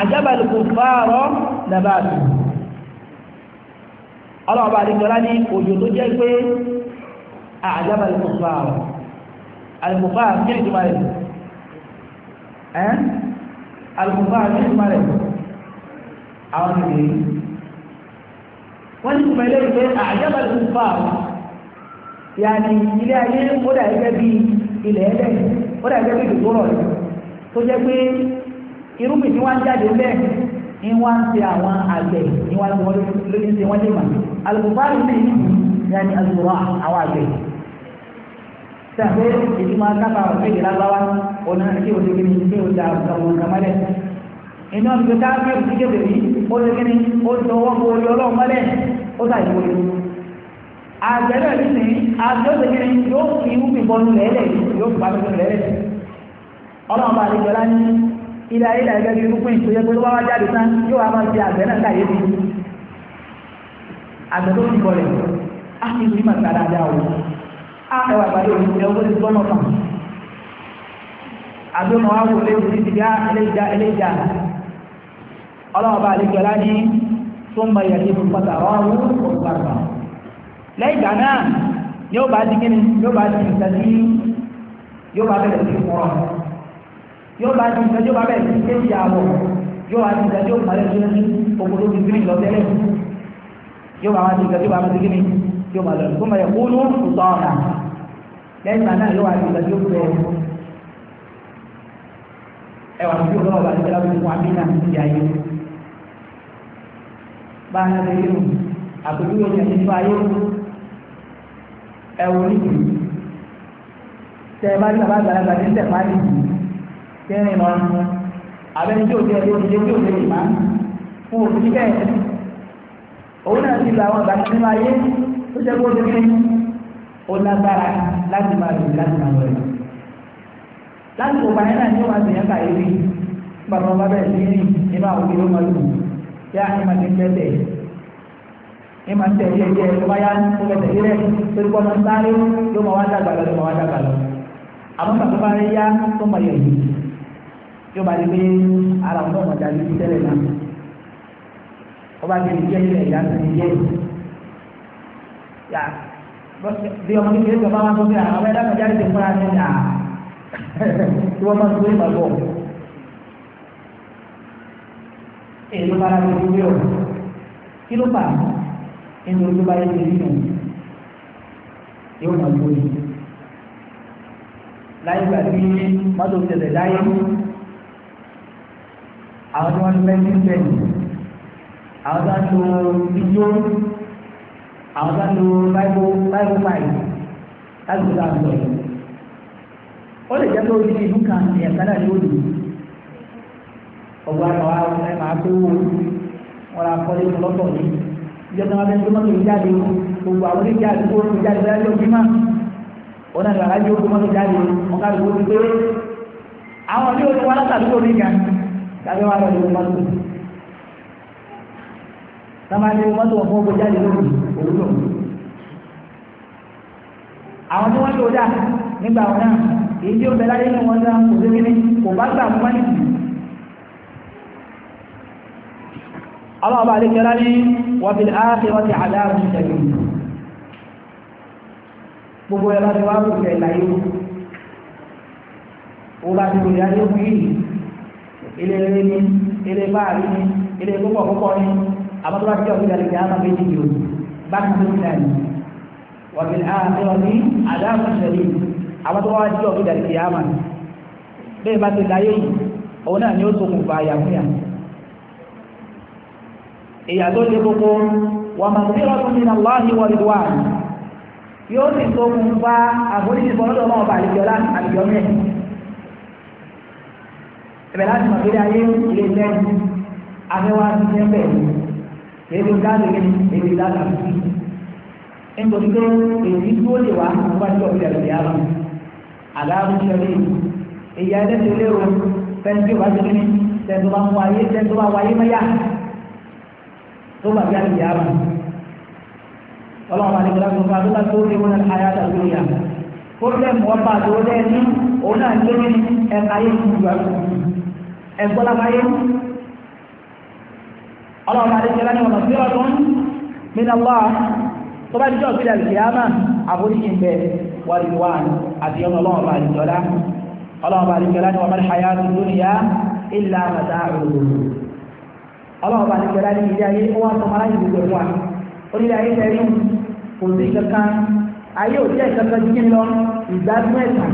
àjábàlùkù fáàrọ́ nàbàtù ọlọ́ọ̀bá àríkọlá ní alùpùpá kí ni ìtumà rẹ̀ ẹ́n alùpùpá kí ni ìtumà rẹ̀ àwọn ènìyàn wọ́n ti kùmọ̀ ilé ìgbé àjábà alùpùpá yà ní ilé ayé ó dà gẹ́gẹ́ bí ilẹ̀ ẹlẹ́ ó dà gẹ́gẹ́ bí ìdòdó rọ̀ tó jẹ́ pé irúgbìn tí wọ́n jáde bẹ́ẹ̀ ni wọ́n ń ṣe àwọn àgbẹ̀ sàgbé èyí máa kápá ọ̀sẹ̀ ìlágbáwá ọ̀nà tí o lè ní pé o da ọ̀sán kàmálẹ̀. iná ti ká bí o ti kéde yìí ó lè kíni ó ti ọwọ́ bo orí ọlọ́run mọ́lẹ̀ ó sà ìwò yìí. àgbẹ̀rẹ̀ mi sìn àgbẹ̀ ó lè kíni yóò fi ìwúmi bọ́nu lẹ́lẹ̀ yóò fi bàbá bọ́nu lẹ́lẹ̀. ọlọ́run bá lè jọlá ní ilé ayé làgẹ́ bí irúgbìn tó yẹ pé wọ́n wá jáde tán yóò wá máa fi àgbẹ̀ náà káyé bi àgbẹ̀ tó ti bọ̀ ẹwà ìpàdé òun ẹ̀ ọgbọ́n ti gbọ́nà kan àdúmọ̀ wá wò léwu ní ìdíyà ẹlẹ́jà ẹlẹ́jà ọlọ́wọ́ bá àlejò ọlá ní tó ń bayà ní ìfúnpátà ọ̀rọ̀ òǹpàtà lẹ́yìn ìgbà náà yóò bá di kíni yóò bá di ìtàdí yóò bá bẹ̀rẹ̀ sí kúrọ̀ yóò bá di ìtàdí yóò bá bẹ̀rẹ̀ sí kéjì àwọ̀ yóò bá di ìtàdí yóò bá lẹ́sùn ní òkúrò ti gírí lọ́tẹ́lẹ̀ yóò bá wá di ìtàdí yóò bá bẹ̀rẹ̀ sí kíni yóò bá lọ lẹ́yìn náà yóò wá di ìgbà tí ó fẹ́ ẹ wà sí ọlọ́wọ́ bá nígbà tó fún amínà ìyá yìí bá a lè yẹ àpèjú yóò yẹ nínú ayé ẹwọ níbi tẹ bá ní bàbá àgbàlagbà ní tẹ̀fá níbi kẹrin lọ abẹ́ni tí ò jẹ́ ẹ̀yọ́ ìdílé tí ò lè má fún òfin kẹ́ òun náà ti lọ àwọn ìgbà nínú ayé tó jẹ́ kó o ti fi ó lágbára láti máa lò láti máa lò rẹ̀ láti kó báyìí náà ní wọn àti yẹn káyé rí bàbá wọn bẹ̀rẹ̀ sí rìn nínú àwọn òbí ló máa lò yá ẹ máa ti tẹ́ tẹ̀ ẹ máa tẹ̀ díẹ̀ díẹ̀ tó bá yá tó bẹ̀ tẹ̀ díẹ̀ tó kọ́ máa sáré ló máa wá dàgbà lọ ló máa wá dàgbà lọ àmọ́ bàbá bá yá tó máa yẹ̀ yìí yóò bá di pé ara wọn náà máa dàbí tẹ́lẹ̀ náà ọba ti jẹ́ ilẹ̀ ìyá Diomongin dia ní kéré bàbá wọn tó fi àwọn ẹ̀dá kan jáde tó fúnra ní à tí wọ́n máa ń gbé ìgbàgbọ́. èyí ló bára lórí wíwọ̀ kí ló bà nínú tó bá yẹ kéré nù yóò máa gbó àwọn bá lo báyìí báyìí láti gba àgbọ̀ yìí ó lè jẹ́ pé ojú ìlú kan èèyàn kan náà yóò lò ọgbà àwọn àwọn ẹ̀ máa pé wọ́n wọn ra kọ́lé lọ́tọ̀ ní ìjọba wọn fẹ́ẹ́ gbọ́mọ́tò ìjáde gbogbo àwọn oníjáde kó orí ìjáde bẹ́ẹ̀ ló bímọ wọn náà lọ́ra yóò gbọ́mọ́tò ìjáde wọn ká lóko pé àwọn ní oṣù wọn látàdúgbò mi gan tàbí wọn lọ lè mọ́tò táwọn ní mọ́tò wọn fún ọgbọ́n jáde lóko òwúlò àwọn tí wọ́n lò dà nígbà wọn náà èyí tí ó bẹ láyé ní wọn náà kò sékéné kò bá gbà fún wọn ọlọ́ọ̀bá àdékẹ́lá ní wọ́n fi áàfẹ́ wọ́n ti àdáàbò ìṣẹ̀lẹ̀ gbogbo ẹ̀ ti wá kò tẹ̀ láyé ó bá ti wòlé ayé fún yìí ilé eré ní ilé báàrí ní ilé púpọ̀ púpọ̀ ní àbátúwájú ọ̀gbìn àlejò àmàgbé nìyí òkú bákan tó dání wàbí àtẹwà ní àdáàmú ṣẹlẹ̀ àwọn tó wá jí ọ̀gbìn dàrí kìyàmà bẹ́ẹ̀ bá ti láyé yìí òun náà ni ó sokùn fa àyàmúyà ìyà tó lé gbogbo wà máa sí ọdún nínú aláhi wọlé wà yóò sì sokùn fa àforíjì bọ́lọ́dọ̀ náà bá àlejòlá àlejòmẹ́ ìbẹ̀lá ti mọ̀ pé ayé ilé iṣẹ́ àfẹ́wà ti tẹ́ bẹ́ẹ̀ èyí ń dáàbò ní èyí ń dáàbò sí i nítorí pé èyí tó lè wá wá sí ọ̀gbìn ẹ̀rọ ìyá wọn àdáàbò ń ṣẹlẹ̀ èyí ẹlẹ́sẹ̀ lérò fẹ́ntì ò bá ṣe kíní tẹ̀sán bá ń wáyé tẹ̀sán bá wáyé mẹ́yà tó bá bí ẹ̀rọ ìyá wọn ọlọ́run àti ìgbàlá gbogbo àdúgbò tó lè wọn náà ayé àtàkùn ìyá fúnlẹ̀mù ọba tó lẹ́ni òun náà ń gbé ẹ̀ka ayé ìgbàlá ọlọ́run bá déjẹ́ láti ọ̀nà síra tó ń min Allah tó bá dijọ́ ìpínlẹ̀ ìyáàmà àforíjì ń bẹ wà ní wà àti ọmọ ọlọ́run bá dijọ́ lá ọlọ́run bá dijọ́ láti ọmọ ìhàyà tó lórí ya illa mata òdòdó ọlọ́run bá dijọ́ láti ilé ayé ó wá sọ mara ìlú gbogbo wa onílé ayé tẹ̀lé kò sí kankan ayé ò jẹ́ kankan jí lọ ìgbádùn ẹ̀sán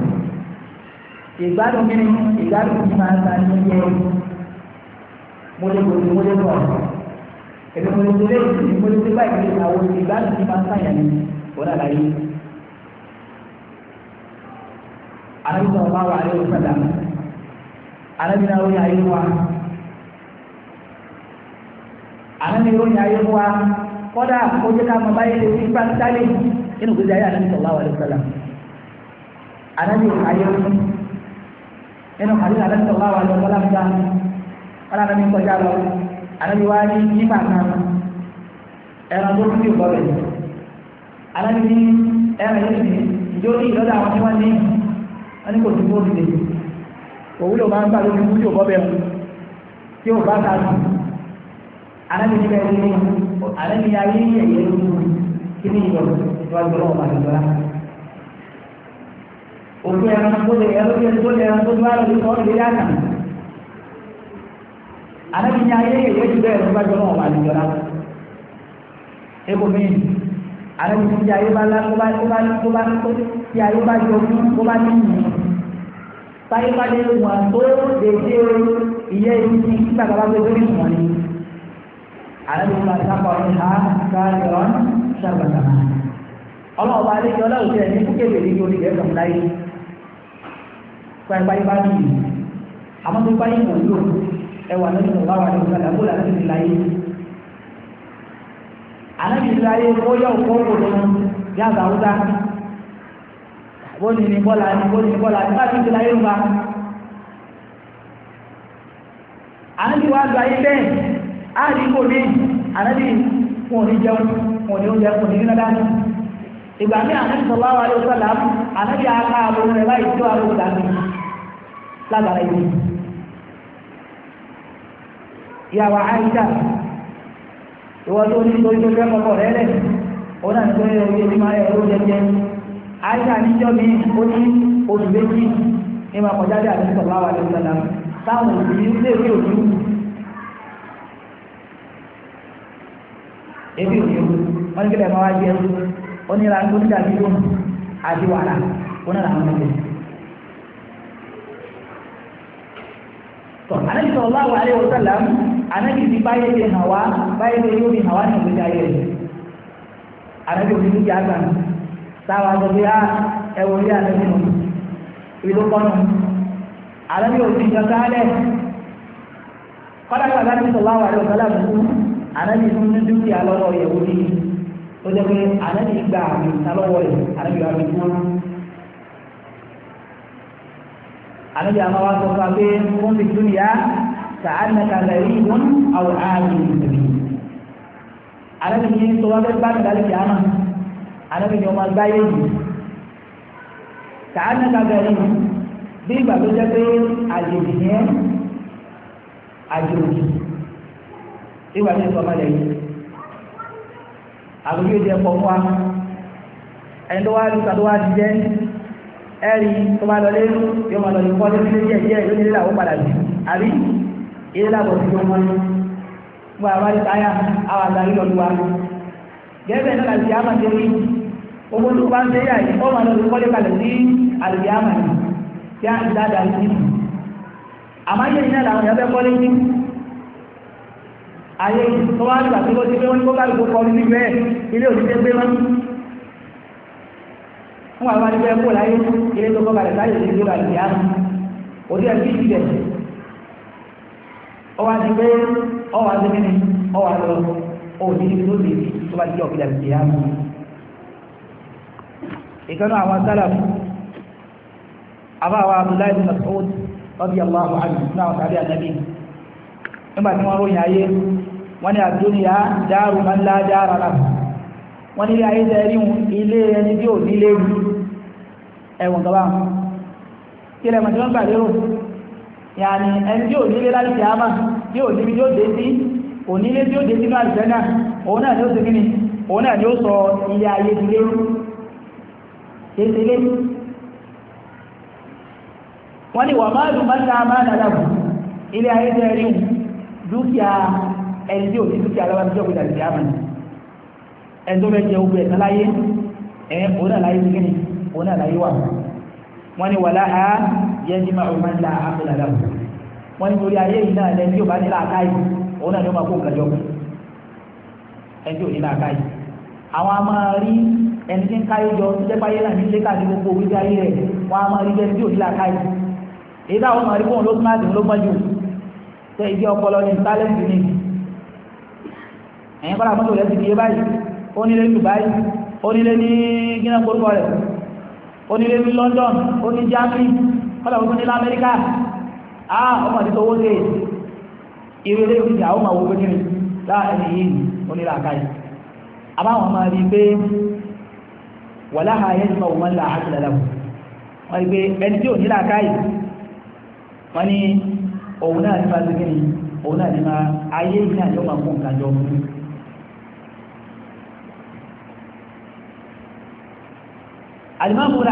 ìgbádùn kí ni ìgbádùn kí máa ń ta ní ilé mo lè gbòdì mo èmi mo lè tẹ́lẹ̀ èmi mo lè tẹ́lẹ̀ báyìí pé àwọn ìgbàlù ti máa ń sàyàn ní ọ̀rọ̀ àlàyé. arábìnrin ọba wa ayé wọn padà arábìnrin àwọn ayé wa arábìnrin àwọn ayé wa kọ́dà ó jẹ́ ká máa báyìí lè fi pàṣẹ inú gbèsè ayé arábìnrin ọba wa ayé wọn padà arábìnrin ayé wọn inú kàdé arábìnrin ọba wa ayé wọn padà ọlọ́run mi kọjá lọ alábi wá ní nígbà kan ẹran tó kúndì ọgbọ rẹ alábi ní ẹran yìí ní ìjọ ní ìlọ́dà àwọn tí wọ́n ní wọ́n ní kò sí bóòlù lè òwúlò máa ń gbà lórí kúndì ọgbọ bẹ́ẹ̀ tí ó bá ta sùn alábi ní bẹ́ẹ̀ ní alábi ní ayé ẹ̀yẹ lórí kí ní ìlọ ìwádìí ọlọ́wọ́ bàtà ìjọba òkú ẹran tó lè ẹran tó lè ẹran tó lè wá lórí kọ́ ìdílé àtàkùn anabi ní ayé ìwé jù bẹ́ẹ̀ nígbà jọ náà wà ní ìjọba ebomi anabi ní ayé bá lá kó bá kó bá kó bá kó tí ayé bá jọ fún kó bá ní ìyẹn táyé bá dé wọn tó dédé ìyẹ́ ìdí nígbà tó bá tó lórí wọn ni anabi ní ayé sábà ní ha káyọ̀ sábà sábà ọlọ́ọ̀bá alẹ́ ìjọba òjò ẹ̀ ní kúkébè ní orí ẹ̀ kàn láyé pàápàá yìí bá ní ìlú àmọ́ tó bá yìí kò lò ẹwà lẹ́yìn ọ̀gá wà ní ìsàlẹ̀ àbúrò láti ní láyé. Àlẹ́bí ti láyé ó yọ òkú òkú lọ bí àgbà Hausa. Bóni ni bọ́lá ni bóni ni bọ́lá ni báyìí ti láyé ń bá. Àlẹ́bí wa gba ayé bẹ́ẹ̀ á rí kò ní àlẹ́bí kò ní jẹun kò ní oúnjẹ kò ní nínú dáná. Ìgbà mi àlẹ́bí sọ̀rọ̀ àwọn àlẹ́ òṣèlú àlẹ́bí àká àbúrò rẹ̀ báyìí tó àbúrò dàgbé lágbára ìlú ìyàwó àìsà ìwọ tó ní torí tó fẹ́ kọ́kọ́ rẹ lẹ̀ ó náà ti tọ́lé orí orí máa ẹ̀rọ jẹjẹ àìsà níjọ́ mi ó ní oṣù méjì ní máa kọjá dé àti sọ̀rọ̀ àwọn àti sọ̀rọ̀ táwọn òbí lè rí òjú ebi òní o wọ́n kílẹ̀ máa wá jẹ́ oníra onídà dídò àti wàrà oníra àwọn ọmọdé. tọ́ sọ̀rọ̀ láwọn àlejò sọ̀rọ̀ anábì ní báyé ṣe hàn wá báyé ṣe yóò ní hàn wá ní ìgbésí ayé rẹ̀ anábì òbí níbi àgbà mi táwa sọ pé á ah, ẹwọ ilé anábì nù ibi tó kọ́nù anábì òbí nǹkan kálẹ̀ kọ́dà kí anábì sọ̀rọ̀ àwọn àdéhùn sọ́lá àbùkù anábì fún ní dúkìá lọ́wọ́ ìyẹ̀wò ní ó jẹ́ pé anábì gba àmì ìtàlọ́wọ́ rẹ̀ anábì wà mí fún anábì àmọ́ wa sọ fún wa pé wọ́n ti dúnìyà kàánàkà lẹ́yìn wọn àwọn ààrùn أنا arábìnrin tó wá fẹ́ bá mi lálẹ́ kìámà arábìnrin ọmọ agbáyé yìí kàánàkà lẹ́yìn bí ìgbà tó jẹ́ pé àjèjì ni ẹ́ àjòjì ìwà ní ìsọmọ lẹ́yìn àbújá ìdí ẹ̀kọ́ fún wa ẹni tó wá ní ìsàdó wá ti jẹ́ ẹ̀rí tó bá lọ lé yóò máa lọ lè kọ́ lé nílé díẹ̀ díẹ̀ lónìí làwọn padà sí àbí ilé lábọ̀ tí wọ́n wọ́n wọ́n àwọn àríkáyà àwọn àtàrí lọ́lúwa gẹ́gẹ́ náà láti àmà tí rí owó tó bá ń tẹ́ yà yìí ọmọ náà ló kọ́lé kalẹ̀ sí àlùyé àmà yìí tí a ń dáadáa sí ìlú àmọ́ ayé yìí náà làwọn èèyàn fẹ́ kọ́lé sí ayé tó wá nígbà tó ló ti pé wọ́n ní kó kálukú kọ́ ní bẹ́ẹ̀ ilé òní tẹ́ gbé mọ́ fún àwọn àríkáyà kó láyé ilé tó kọ́ kalẹ̀ sáyé òní ọwọ́ àti pé ọwọ́ àti kíni ọwọ́ àti lọ òní ní tó lè tó bá jẹ́ ọ̀gbìn àti ìyá mi. ìkànnì àwọn sálàmù àbáwá abdullahi bin mas'ud radiyallahu anhu náà wọ́n tàbí ànábì nígbà tí wọ́n ròyìn ayé wọ́n ní àdúnyà dáàrú máa ń lá dáàrà náà wọ́n nílé ayé tẹ́rí ilé ẹni tí ò nílé ẹ̀wọ̀n kaba kí lẹ́mọ̀ tí wọ́n gbà lérò yàní ẹni tí ò nílé láti ṣe àmà tí ò níbi tí ó dé sí onílé tí ó dé sínú àlùjánnà òun náà ni ó ti kí ni òun náà ni ó sọ ilé ayé ti lérú kéṣeré wọ́n ni wà máa lù máa ṣe àmà dàdàbù ilé ayé jẹ́ ríhù dúkìá ẹni tí ò ní dúkìá lọ́wọ́ tí ó gbé dàdàbù àmà ni ẹni tó fẹ́ jẹ ogun ẹ̀sán láyé ẹ̀ òun náà láyé ti kí ni òun náà láyé wà wọ́n ni wà láhàá yẹn ní máa ń máa ń la àpèlà dàbò wọ́n ní torí ayé yìí náà lẹ́ni yóò bá ní làákà yìí òun náà ni ó máa kó nǹkan jọ ẹni tí ò ní làákà yìí àwọn a máa rí ẹni tí ń káyé jọ tó jẹ́ páyé náà ní ṣe káàdì gbogbo orí ayé rẹ̀ wọ́n a máa rí jẹ́ tí ò ní làákà yìí èyí táwọn máa rí fóun ló máa dùn ló mọ́ tẹ ìdí ọpọlọ ní tálẹ́ǹtì ni ẹ̀yin kọ́lá mọ́tò rẹ̀ ti di yé báyìí ó nílé ní Dubai ó nílé ní gíná kórúkọ rẹ̀ ó nílé ní London ó ní Germany kọ́lá ogun nílá amẹ́ríkà ah ọmọ àti tọwọ́ lè irú ilé ìfìdí àwọn àwọn ogun nínú láàrin yìí onílà àkáyì àbáwọn máa rí pé wà láha ayé tí wọ́n wọ́n là á tilẹ̀ lẹ́wọ̀ wọ́n rí pé ẹni tí ò nílà àkáyì wọ́n ní òun الإمام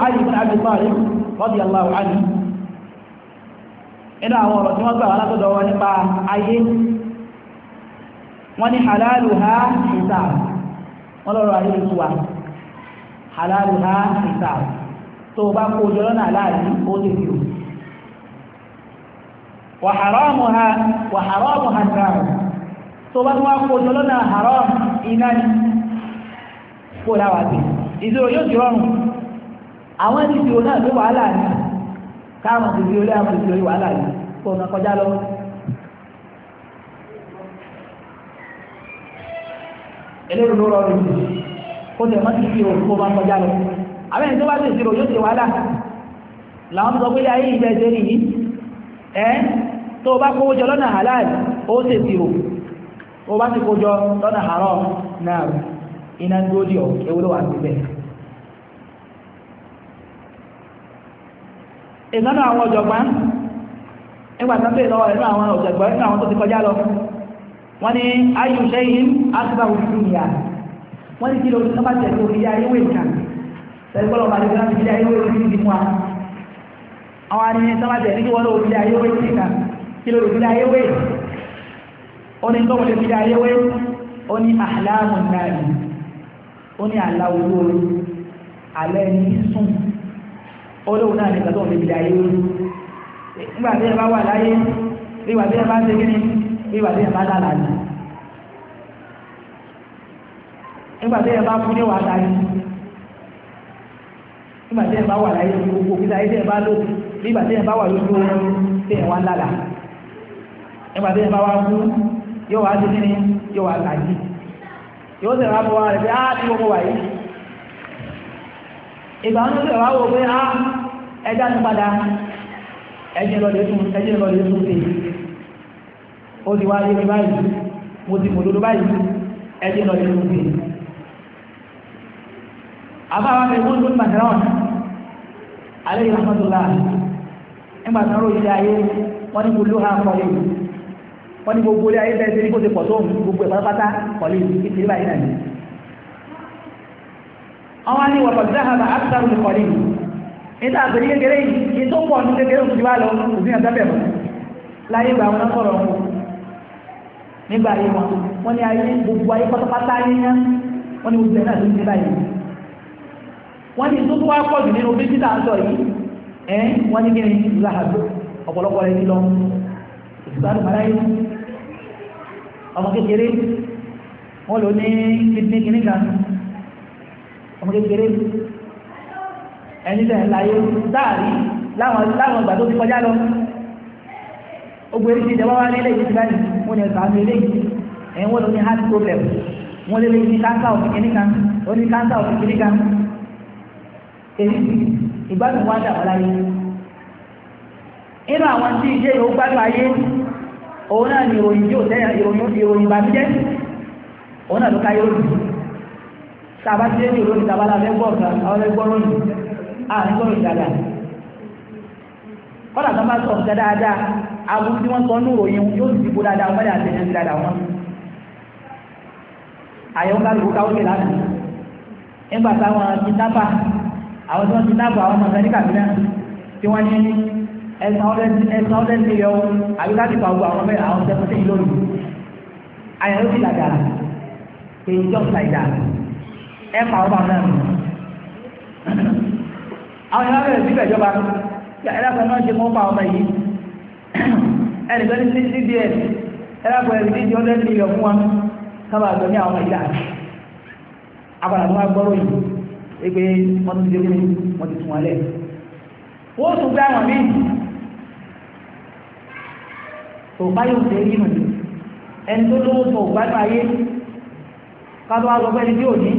علي بن أبي طالب رضي الله عنه إنه هو رسول الله على قدر ونبع عين ونحلالها حساب ولو رأيه سوى حلالها حساب توبا قولنا لازم أوتيو وحرامها وحرامها النار توبا قولنا حرام إيمان قولا وعزيز ìṣòro yóò ti rọrùn àwọn ẹni ìṣòro náà ló wàhálà ni káwọn ti fi olé àwọn ìṣòro wàhálà ni kó o náà kọjá lọ. eléyìí ló rọrùn jù kó tẹ̀ mọ́tì sí o kó o máa kọjá lọ. àwọn ẹni tó bá ti ìṣòro yóò ti wàhálà làwọn sọ pé ayé ìjẹ́ ìṣe nìyí ẹ́ tó o bá kówó jọ lọ́nà halal ó ṣèṣirò o bá ti kó jọ lọ́nà haram náà iná gbódìọ̀ ewúrẹ́ wà síbẹ̀. ìnáná àwọn ọ̀jọ̀gbọ́n nígbàtàbí lọ́wọ́ ẹ̀nà àwọn ọ̀jọ̀gbọ́n nínú àwọn tó ti kọjá lọ wọ́n ní ayùṣẹ́ yìí àtúbà òṣìṣẹ́ ìyá wọ́n ní kí ló ti sábà tẹ̀lé orí ayéwé ìkà tẹ̀lébọ́lọ̀ bá lè fi láti ilé ayéwé orí ìdí mú wa àwọn arìnrìn sábà tẹ̀lé kí wọ́n lọ orí ayéwé ìkà kí ló orí ayéwé ó ní tó wọlé orí ayéwé ó ní àhàlámù náà ó ní àlà olóró àlẹ́ ní sùn olóhùn náà nìkan tó ń bèbí dayé orí nígbà tí ẹ bá wà láyé nígbà tí ẹ bá ń ṣe kíni nígbà tí ẹ bá dà lálẹ́ nígbà tí ẹ bá kú ní wàá dayé nígbà tí ẹ bá wà láyé gbogbo kí sáyé tí ẹ bá lò nígbà tí ẹ bá wà lójú oorun tí ẹ wá ń lálà nígbà ẹ bá wá kú yóò wá ṣe yóò wá làjì yóò sì rà bọ́ wa rẹ̀ pé á ti gbogbo wà ìgbà wọn lọ́sẹ̀ wá wò pé á ẹja ti padà ẹjẹ lọ́dẹ̀ tún ẹjẹ lọ́dẹ̀ tún ṣe ó ti wá yé mi báyìí mo ti mòdodo báyìí ẹjẹ lọ́dẹ̀ tún ṣe. àbáwá mi wọ́n tún bàtà wọn alẹ́ yìí rahmatulá nígbà tí ayé wọ́n ní gbogbo ha kọ́lé wọ́n ní gbogbo ayé bẹ́ẹ̀ ṣe ní kó ti pọ̀ tó gbogbo ẹ̀ pátápátá kọ́lé ìtìrí àwọn ní wọ̀pọ̀ dáhàbà ápùsàrù ní kọ̀lì nígbà àgbèrè kékeré yìí tó pọ̀ ní kékeré òkú wá lọ òbí àgbẹ̀bẹ̀ mọ́ láyé ìgbà wọn sọ̀rọ̀ wọn nígbà ayé wọn wọn ní ayé gbogbo ayé pátápátá ayé yẹn wọn ní gbogbo náà ló ń dé báyìí wọn ní tó tó wá pọ̀ jù nínú bí títà ń sọ yìí ẹ wọn ní kí ni láhàbù ọ̀pọ̀lọpọ̀ rẹ̀ ti lọ ìsúlárù màláyé ọmọ kékeré ẹni tẹ̀ láyé dáàrí láwọn ìgbà tó ti kọjá lọ ogbó eré ti jẹba wá ní ilé yìí ti báyìí wọn ni ọ̀sán ilé yìí ẹ̀yìn wọn ló ní heart problem wọn lé ní káńsà òfin kìíní kan ó ní káńsà òfin kìíní kan èyí ìgbádùn wá dà wọ́n láyé inú àwọn tí ìjẹ́ ìhó gbádùn ayé òun náà ni ìròyìn tí ò tẹ́yà ìròyìn ìbànújẹ́ òun náà ló káyé òdùn tàbá tí lẹ́yìn olóòdì tàbá la gbọ́ ọ̀gá àwọn ẹgbọ́ lónìí à ń gbọ́ tó bá sọ ọ̀gá dáadáa aburú tí wọ́n sọ ní òòyìn yóò sì dìbò dáadáa wọ́n dà dáadáa wọn. àyẹ̀wò káwọ́ nígbà táwọn àwọn tí wọ́n àwọn tí wọ́n ní ẹ̀sán ti dàgbà èyí ẹ pa ọba náà nù. àwọn ìlànà rẹ̀ síbẹ̀ ìjọba ẹlẹ́kọ̀ọ́ náà ṣe mọ́ pa ọba yìí ẹnìkan ní cbn ẹ̀rí ní wa sábà ní àwọn abala tó wá gbọ́rọ̀ yìí wọ́n tún gbé àwọn ẹni tó lówó tó wá lọ tí ní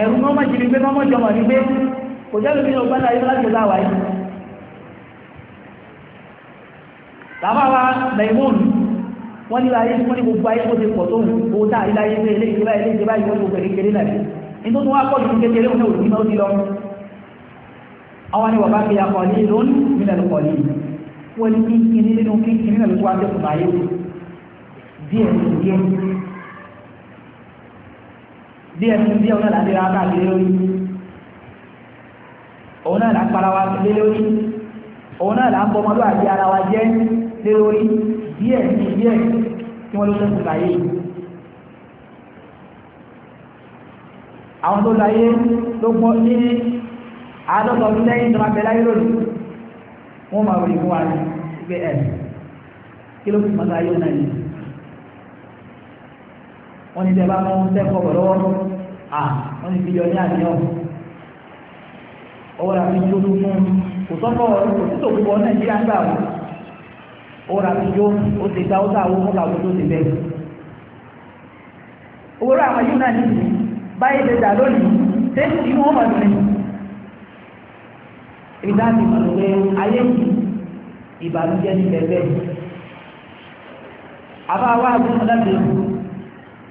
ẹ̀rù mọ́mọ́ jìnnì pé mọ́mọ́ jọmọ̀ ní pé kò jẹ́ lómi ọgbọ́n náà yóò láti láwàá yìí làbáwa mẹ́mọ́n wọ́n ní láyé wọ́n ní gbogbo ayé kó ti pọ̀ tó owó tá àrílá ayé pé ilé ìjọba ilé ìjọba ìwọ́n tó pẹ̀lú kéré náà ní tó tún wá pọ̀ jù kékeré òun òdì náà ti láyé díẹ̀ ní díẹ̀ òun náà láti ra káàkiri lórí òun náà láti para wa lé lórí òun náà láti bọmọdé àti ara wa jẹ́ lé lórí díẹ̀ ní díẹ̀ tí wọ́n ló sẹ́kù láyé àwọn tó láyé ló pọ̀ ní àádọ́ta ọdún lẹ́yìn tó máa bẹ láyé lónìí wọ́n máa wòye fún wa ní pé ẹ̀ kí ló fi mọ́ta ayé náà yìí wọ́n ní bẹ́ẹ̀ bá mọ́ ohun tẹ́kọ̀ọ́ bọ̀ lọ́wọ́ à wọ́n ní bílíọ̀ ní àníyàn owó ra fi jó fún kò sọ́kọ̀ kò sí tòkú wọ nàìjíríà gbà wọ́n owó ra fi jó ó ti ta ó ta owó mọ́ta owó tó ti bẹ́ẹ̀. owó ra àwọn yóò náà ní ìsìn báyìí ti dà lónìí tẹ́sí inú wọn mọ̀ lónìí. ìdáàbì mọ̀ pé ayé yìí ìbànújẹ́ ní bẹ́ẹ̀ bẹ́ẹ̀. àbá wa gbọ́dọ̀ láti ẹ̀kú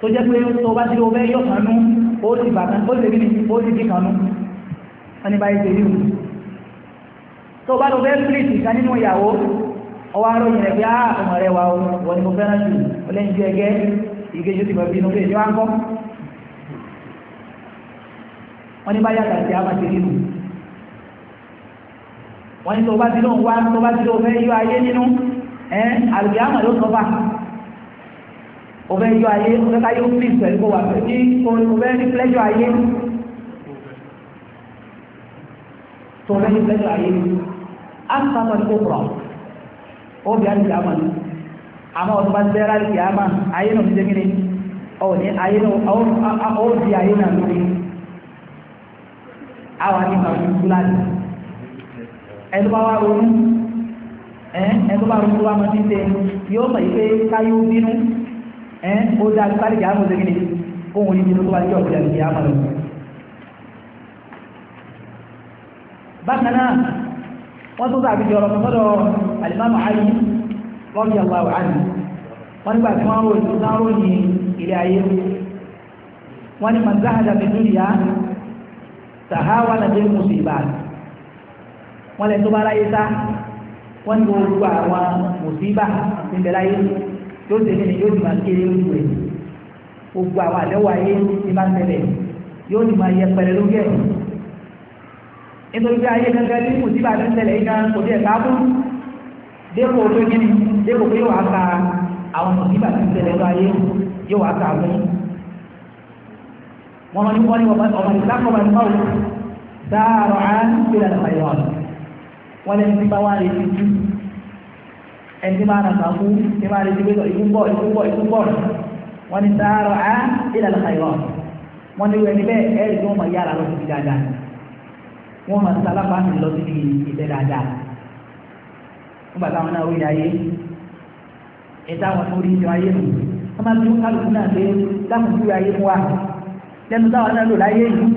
tó jẹ́ pé tó bá sílé ọbẹ̀ yóò kanú ó ti bàtà ó ti rí ó ti di kanú ẹni bá yẹ rí òun tó bá lọ bẹ́ pílìtì ká nínú ìyàwó ọwọ́ aróyìn rẹ̀ pé á ah, ọmọ rẹ̀ wà wọ́n ni mo fẹ́ràn jù ọlẹ́yìn jẹ́ ẹgẹ́ ìgéjú ti bẹ̀rẹ̀ inú rẹ̀ ní wá ń kọ́ wọ́n ní bá yàtà sí àmà ti rí òun wọ́n ní tó bá sílé òun tó bá sílé ọbẹ̀ yóò ayé nínú ẹ̀ àlùkí àmà ló sọ fà òfẹ́ yọ ayé òfẹ́ káyé òfin ìfẹ́ kó wà ní òfẹ́ ní pẹ́jọ ayé tó òfẹ́ ní pẹ́jọ ayé asàmọ̀ ní kókòrò òbí àti àmà ní àmà ọdún bá tẹ́rà àti àmà ayé náà ti dé kíni ọ̀ ní ayé náà ó di ayé náà lórí àwọn àti ìgbà òfin fúlàní ẹni bá wà ronú ẹni bá ronú wà mọ́ títẹ yóò mọ̀ ìpè káyé òbínú. ẹn ó dá sáré kí á mọ̀ sẹ́kìnì ohun ní ìdílé tó wá sí ọ̀pọ̀ ìyàwó kí lọ. bákan náà wọ́n tó sàbí di ọ̀rọ̀ sọ́dọ̀ alimami ali lọ́bí àwọn àwọn àmì wọ́n nígbà tí wọ́n ròyìn ilé ayé wọ́n ní mazahada mùsùlùmí wọ́n tó bá láyé sá wọ́n ní gbogbo àwọn mùsùlùmí ń bẹ láyé yóò ṣe nínú yóò ti máa kéré lójú rẹ̀ gbogbo àwọn àdéhùn ayé ti máa tẹ̀lẹ̀ yóò ti máa yẹ pẹ̀lẹ́ lójú ẹ̀ nítorí pé ayé gẹ́gẹ́ bí kò sí bàtí tẹ̀lẹ̀ yìí náà kò dé ẹ̀ka bú dépò pé kí ni dépò pé yóò wá ka àwọn kò sí bàtí tẹ̀lẹ̀ lọ ayé yóò wá ka àwọn yìí wọ́n máa ní wọ́n ní ọmọ ìsákọ̀ọ́ máa ń bá òun dáàrọ̀ á ń gbé ẹni tí máa nàkà fún tí máa lè ti gbé ikú bọ̀ ikú bọ̀ ikú bọ̀ wọ́n ní sáárọ̀ á ilẹ̀ àlùkàyọ̀ wọ́n ní wẹ́n níbẹ̀ ẹ̀rì tí wọ́n mọ̀ yára lọ síbi dáadáa wọ́n mọ̀ sálábà mi lọ síbi ìfẹ́ dáadáa nígbà táwọn náà wíyà ayé ẹ̀dá wọn tó rí ìjọ ayé nù wọ́n máa tún kálukú náà pé dákùn sí ayé fún wa lẹ́nu táwọn náà lò láyé yìí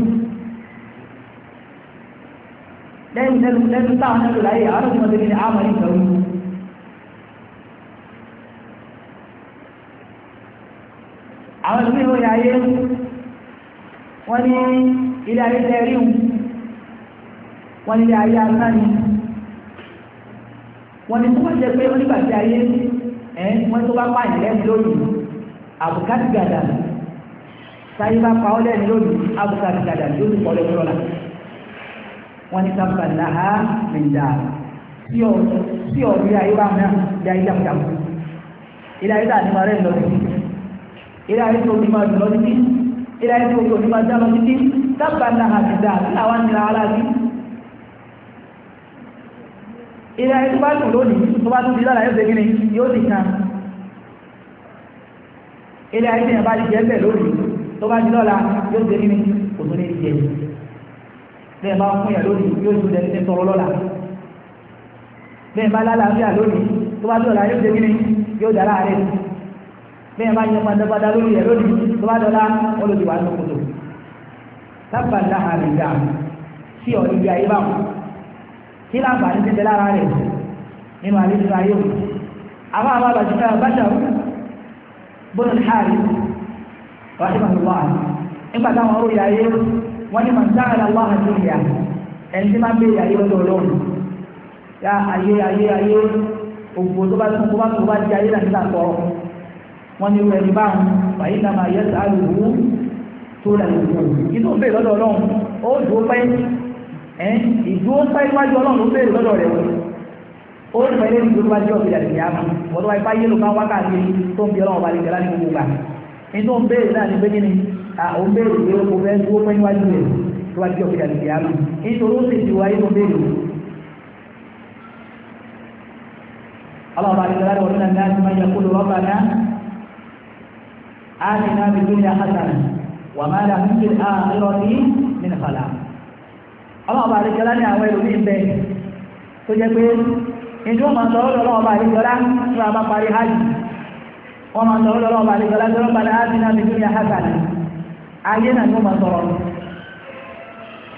lẹ́nu táwọn náà lò láyé àwọn náà lórí ayé wọ́n ní ilé ayé tẹ́ríhùn wọ́n ní ilé ayé aláàrin wọ́n ní tó wọ́n jẹ́ pé onígbàtí ayé ẹ̀ wọ́n tó bá pààyàn lẹ́nu lónìí àbùkátì gàdà sáyé bá pa ọ́ lẹ́nu lónìí àbùkátì gàdà yóò ti pọ̀ lẹ́nu lọ́la wọ́n ní sábà láhá nìjà tí ọ̀ tí ọ̀ ayé bá mìíràn bí ayé jàmùjàmù ilé ayé tà ní mọ̀ rẹ̀ lọ́dún ilé ayé tó ní máa dùn lọ títí ilé ayé tó ní máa já lọ títí dábàá náà àti dáa sí àwọn nira ara rí ilé ayé tó bá dùn lónìí tó bá tún di lára yóò ṣe yóò sì kan ilé ayé tó yẹn bá di jẹ́ bẹ̀ lónìí tó bá di lọ́la yóò ṣe kíni kò tún ní jẹ bẹ́ẹ̀ bá fún yà lónìí yóò tún dẹni tọrọ lọ́la bẹ́ẹ̀ bá lálàáfíà lónìí tó bá dọ̀la yóò ṣe kíni yóò dára bí ẹ bá yẹ padàpadà lórí ẹ lónìí tó bá dọ́là ya lòdì wà lókòtò tábà láha rẹ̀ dà sí ọ̀rẹ́ ayé kí láǹfààní ti rẹ̀ nínú ayé àwọn àwọn nígbà táwọn ọ̀rọ̀ ìyá wọ́n àti ìyá ẹni tí máa ń lọ́dọ̀ ayé ayé ayé tó bá tó bá tó bá di ayé náà wọ́n ní rẹ̀ níbà ń fàyí náà máa yẹ́sà àlùkù tó rà lùkù inú ń bèèrè lọ́dọ̀ ọlọ́run ó dúró pẹ́ ìdúró pẹ́ iwájú ọlọ́run ló bèèrè lọ́dọ̀ rẹ̀ ó ń pẹ́ lórí gbogbo ajọ́ ìjà ìjà mú wọ́n tó wáyé fáyé ló máa wákàtí tó ń bí ọlọ́run balẹ̀ jẹ́lá ní gbogbo gbà inú ń bèèrè náà ní pé kí ni àwọn bèèrè pé ó fẹ́ dúró pẹ́ iwájú rẹ̀ tó wájú ìjà ìjà mú ó sì ti wáyé ló bèèrè الله بعد ذلك ومن الناس من يقول ربنا آتنا في الدنيا حسنة وما لهم في الآخرة من خلاق ọlọ́ọ̀bà àríkọlá ní àwọn ìlú ní ìbẹ̀ tó jẹ́ pé ìjú ọmọ sọ̀rọ̀ ọlọ́ọ̀bà àríkọlá tó a bá parí hajj wọ́n ma sọ̀rọ̀ ọlọ́ọ̀bà àríkọlá tó rọ́pàá láti náà fi dúnyà hasana ayé náà ni ó ma sọ̀rọ̀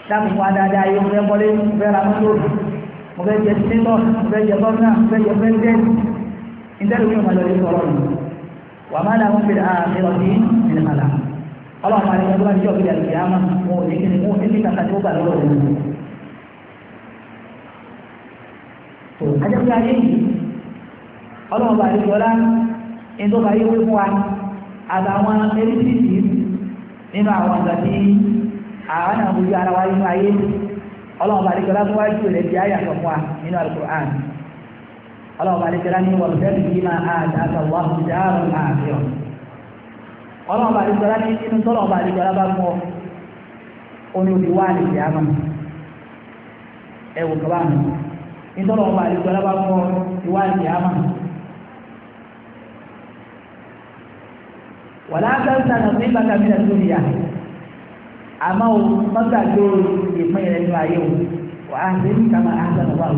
dákùnkùn adáadáa yóò fẹ́ bọ́lé fẹ́ ra mọ́tò mo fẹ́ jẹ sínítọ̀ mo fẹ́ jẹ gọ́ọ̀nà mo fẹ́ jẹ pẹ́ńtẹ́ńtì ìtẹ́lùmí ò wà لهم في الآخرة من sí ìlànà ọlọ́run máa ní ọdún wájú ọ̀gbìn àti àmà wọn ò ní kí ni wọn ò ní kàkà tí ó gbà lọ́wọ́ rẹ̀ tó ajẹ́pẹ́ ayé yìí ọlọ́run bá yọ ọlá ní tó bá yẹ wí fún wa àtàwọn eréṣìṣì nínú àwọn àgbà tí àwọn àwọn Al-Qur'an ọlọ́run bá dẹ́kẹ́rẹ́ ní wọ́n fẹ́ bí máa àdá àtàwọn àbùdáàrùn àfihàn ọlọ́run bá dẹ́kẹ́rẹ́ ní inú tọ́lọ́run bá dẹ́kẹ́rẹ́ bá mọ́ oní òbí wá lè jẹ́ àmà ẹ̀wù kaba mi ìtọ́lọ́run bá dẹ́kẹ́rẹ́ bá mọ́ ìwá lè jẹ́ àmà. wàlá agbẹ́sà náà ní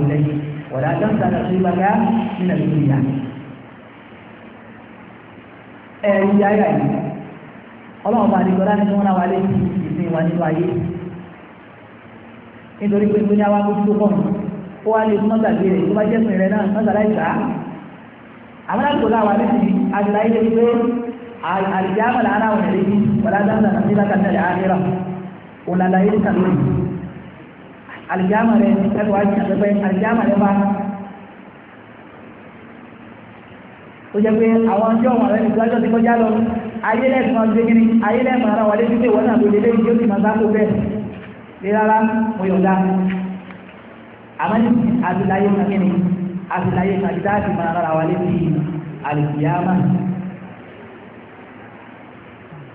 bàtà wọ̀dà dọ́ńtà lọ́sí ìbáyá nínú ìlú ìyá. ẹ ẹ ìyá yà yìí ọlọ́run bá dìgbọ́dá ní wọn náà wà lé ní ìsìn wa nínú ayé nítorí pé ìgbóni àwọn akókò pọ̀ ó wá lè fún ọ̀gbàgbé rẹ̀ tó bá jẹ́ pẹ̀lẹ́ náà mọ́tàlá ìgbà àwọn àgbò náà wà lé àgbà ilé pé àlìjáàmọ̀ làárá òun lè ní wọ̀dà dọ́ńtà lọ́sí ìbáyá nínú ìlú ìyá àlìjáàmà rẹ̀ ní kẹ́lùwá jìnà pẹ́pẹ́ àlìjáàmà rẹ̀ bá tó jẹ́ pé àwọn ọjọ́ wọn rẹ̀ nìkan ọjọ́ ti kọjá lọ ayélẹ́sìn ọjọ́ gíní ayélẹ́mọ̀ ara wọlé títí wọ́n náà lòlélẹ́ ìjọ ti máa sáko bẹ́ẹ̀ lé rárá mo yọ̀ǹda àmọ́ ní àtìláyé kan gíní àtìláyé kan ti dáàbì máa rárá wọlé sí àlìjáàmà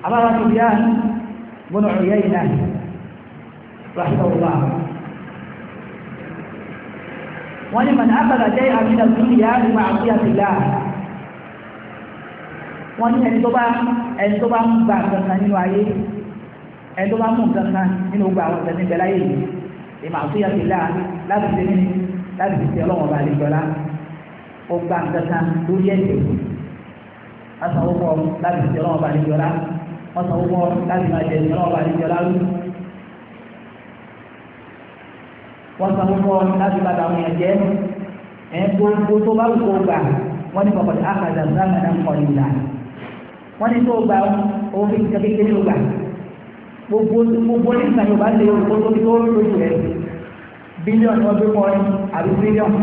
àbára tó bí i ọ̀yẹ́ ìlà rahmatullah wọ́n ní mọ̀nà àbàdà jẹ́ àmìnà dúnìyà ìmọ̀ àti àtìlá wọ́n ní ẹni tó bá ẹni tó bá ń gba kankan nínú ayé ẹni tó bá mú kankan nínú gba àwọn ọ̀sẹ̀ níbẹ̀ láyé yìí ìmọ̀ àti àtìlá láti ṣe ní láti fi ṣe ọlọ́wọ́n bá lè jọlá ó gba kankan lórí ẹ̀jẹ̀ wọ́n sanwó bọ́ láti fi ṣe ọlọ́wọ́n bá lè jọlá wọ́n sanwó bọ́ láti máa jẹ ọlọ́wọ́n bá lè jọlá lórí wọ́n sanwó fún ọ láti bá àwọn èèyàn jẹ́ ẹ̀ gbogbo tó bá wù kó gbà wọ́n ní kọ̀kọ̀dé àkàdà sáàmàdà kọ̀ nílà wọ́n ní tó gbà owó fi kíkẹ́ kékeré ló gbà gbogbo gbogbo ní ìgbà yóò bá lè owó tó fi tó lójú rẹ̀ bílíọ̀nù ọdún mọ́rin àbí bílíọ̀nù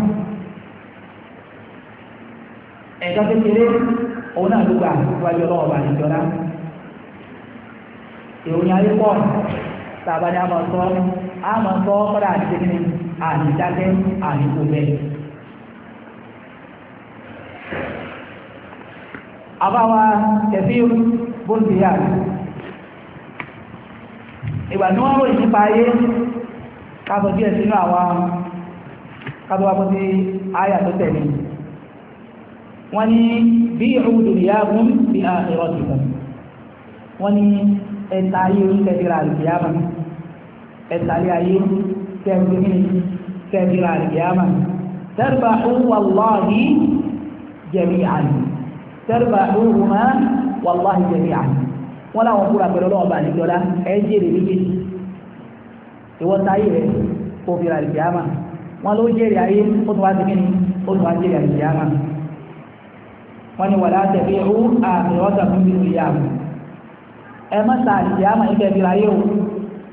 ẹ̀ka kékeré òun náà ló gbà wájú ọlọ́wọ́ bá níjọ́ra ìròyìn ayé pọ̀ tàbá ni a máa sọ a máa sọ kọ́dà àti tẹ́lẹ̀ àti dákẹ́ àti kò bẹ́ẹ̀. àbáwa tẹ̀sí bóńdé yà ìgbà tí wọ́n ròyìn nípa ayé káàbọ̀ díẹ̀ sínú àwa káàbọ̀ wá bọ́ sí ayà tó tẹ̀lé wọ́n ní bí ìrùdù ìyáàbùn bí àṣírọ̀ ti kan wọ́n ní ẹta ayé orílẹ̀-èdè rà ìyáàbùn ẹ̀tàlẹ́ ayé kẹ́ẹ̀kiri kẹ́ẹ̀kiri àríyámà tẹ́rìbà wàláhì jẹ̀mí àní tẹ́rìbà ọ̀húnmá wàláhì jẹ̀mí àní wọ́n láwọn kúrò àpẹẹrẹ ọlọ́wọ́ bá àdìjọ́lá ẹ̀ ń jèrè níbi ìwọ́n táyé rẹ̀ kó fi àríyámà wọ́n ló jèrè ayé ó tún wá sí kíni ó tún wọ́n ni wàlá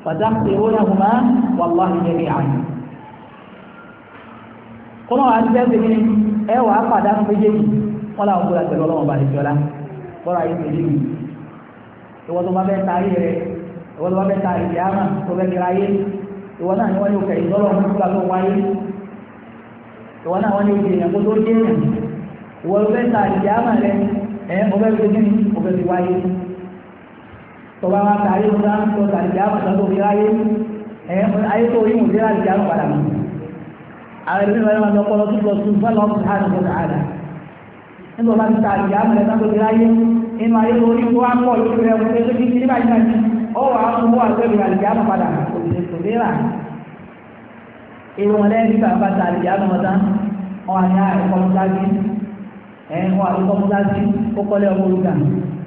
fàdákìrúnahùmá wàláhì jami'an kọ́nà wà ní bẹ́ẹ̀ sí ẹ wà á pàdánù méjèèjì wọ́n láwọn kúrò àtẹ̀lọ́ ọlọ́wọ́ bàlẹ̀ jọlá bọ́ra yìí tó léwu ìwọ́n tó bá fẹ́ ta ayé rẹ ìwọ́n tó bá fẹ́ ta ìyáàmà tó fẹ́ kira ayé ìwọ́n náà ni wọ́n ní òkè ìtọ́lọ́ nígbà tó wáyé ìwọ́n tọba wa tààrí ọ̀dá ń tọ́ tààrí ìjà àmọ̀ tọ́tọ́ orí ayé ayé tó orí mùsùlùmí láti jà ń padà mọ́ àwọn ẹgbẹ́ ìwé ọmọdé ọpọlọ tó lọ sí fọlọ ọkùnrin àti ọkùnrin àdá nígbà wọn ti tààrí ìjà àmọ̀ tọ́tọ́ orí ayé inú ayé tó orí kó wá pọ̀ lórí rẹ̀ wọ́n tó ti ní báyìí báyìí ọ wà á fún wọn àgbẹ̀rù àlìjà àmọ̀ padà òdìrà ìwọ̀n lẹ́yìn nígbà bá tààrí ó kọ́lé ọmọ olùkà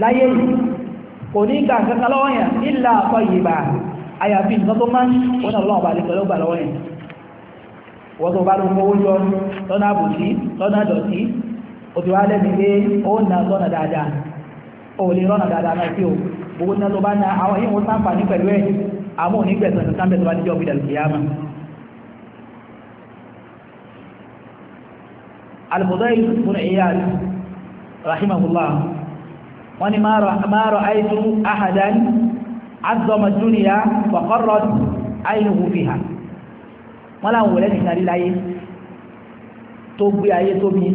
láyé yìí kò ní ìkà àkẹta lọ́wọ́ yẹn ìlà àkọ́ yìí bá àyàfi nǹkan tó máa ń wọ́n náà lọ́wọ́ bá lè pẹ̀lú gbà lọ́wọ́ yẹn wọ́n tó bá ló kówó jọ lọ́nà àbòsí lọ́nà àdọ̀tí ó ti wá lẹ́bi pé ó nà lọ́nà dáadáa ó lè rọ́nà dáadáa náà wọ́n ni ma ra'aytu ahadan azọ́mọ̀ dúnìyà fọ̀kọ́rọ̀ àìlúwò fi hàn wọ́n láwọn wòlẹ́ nìkan rí láyé tó gbé ayé tóbi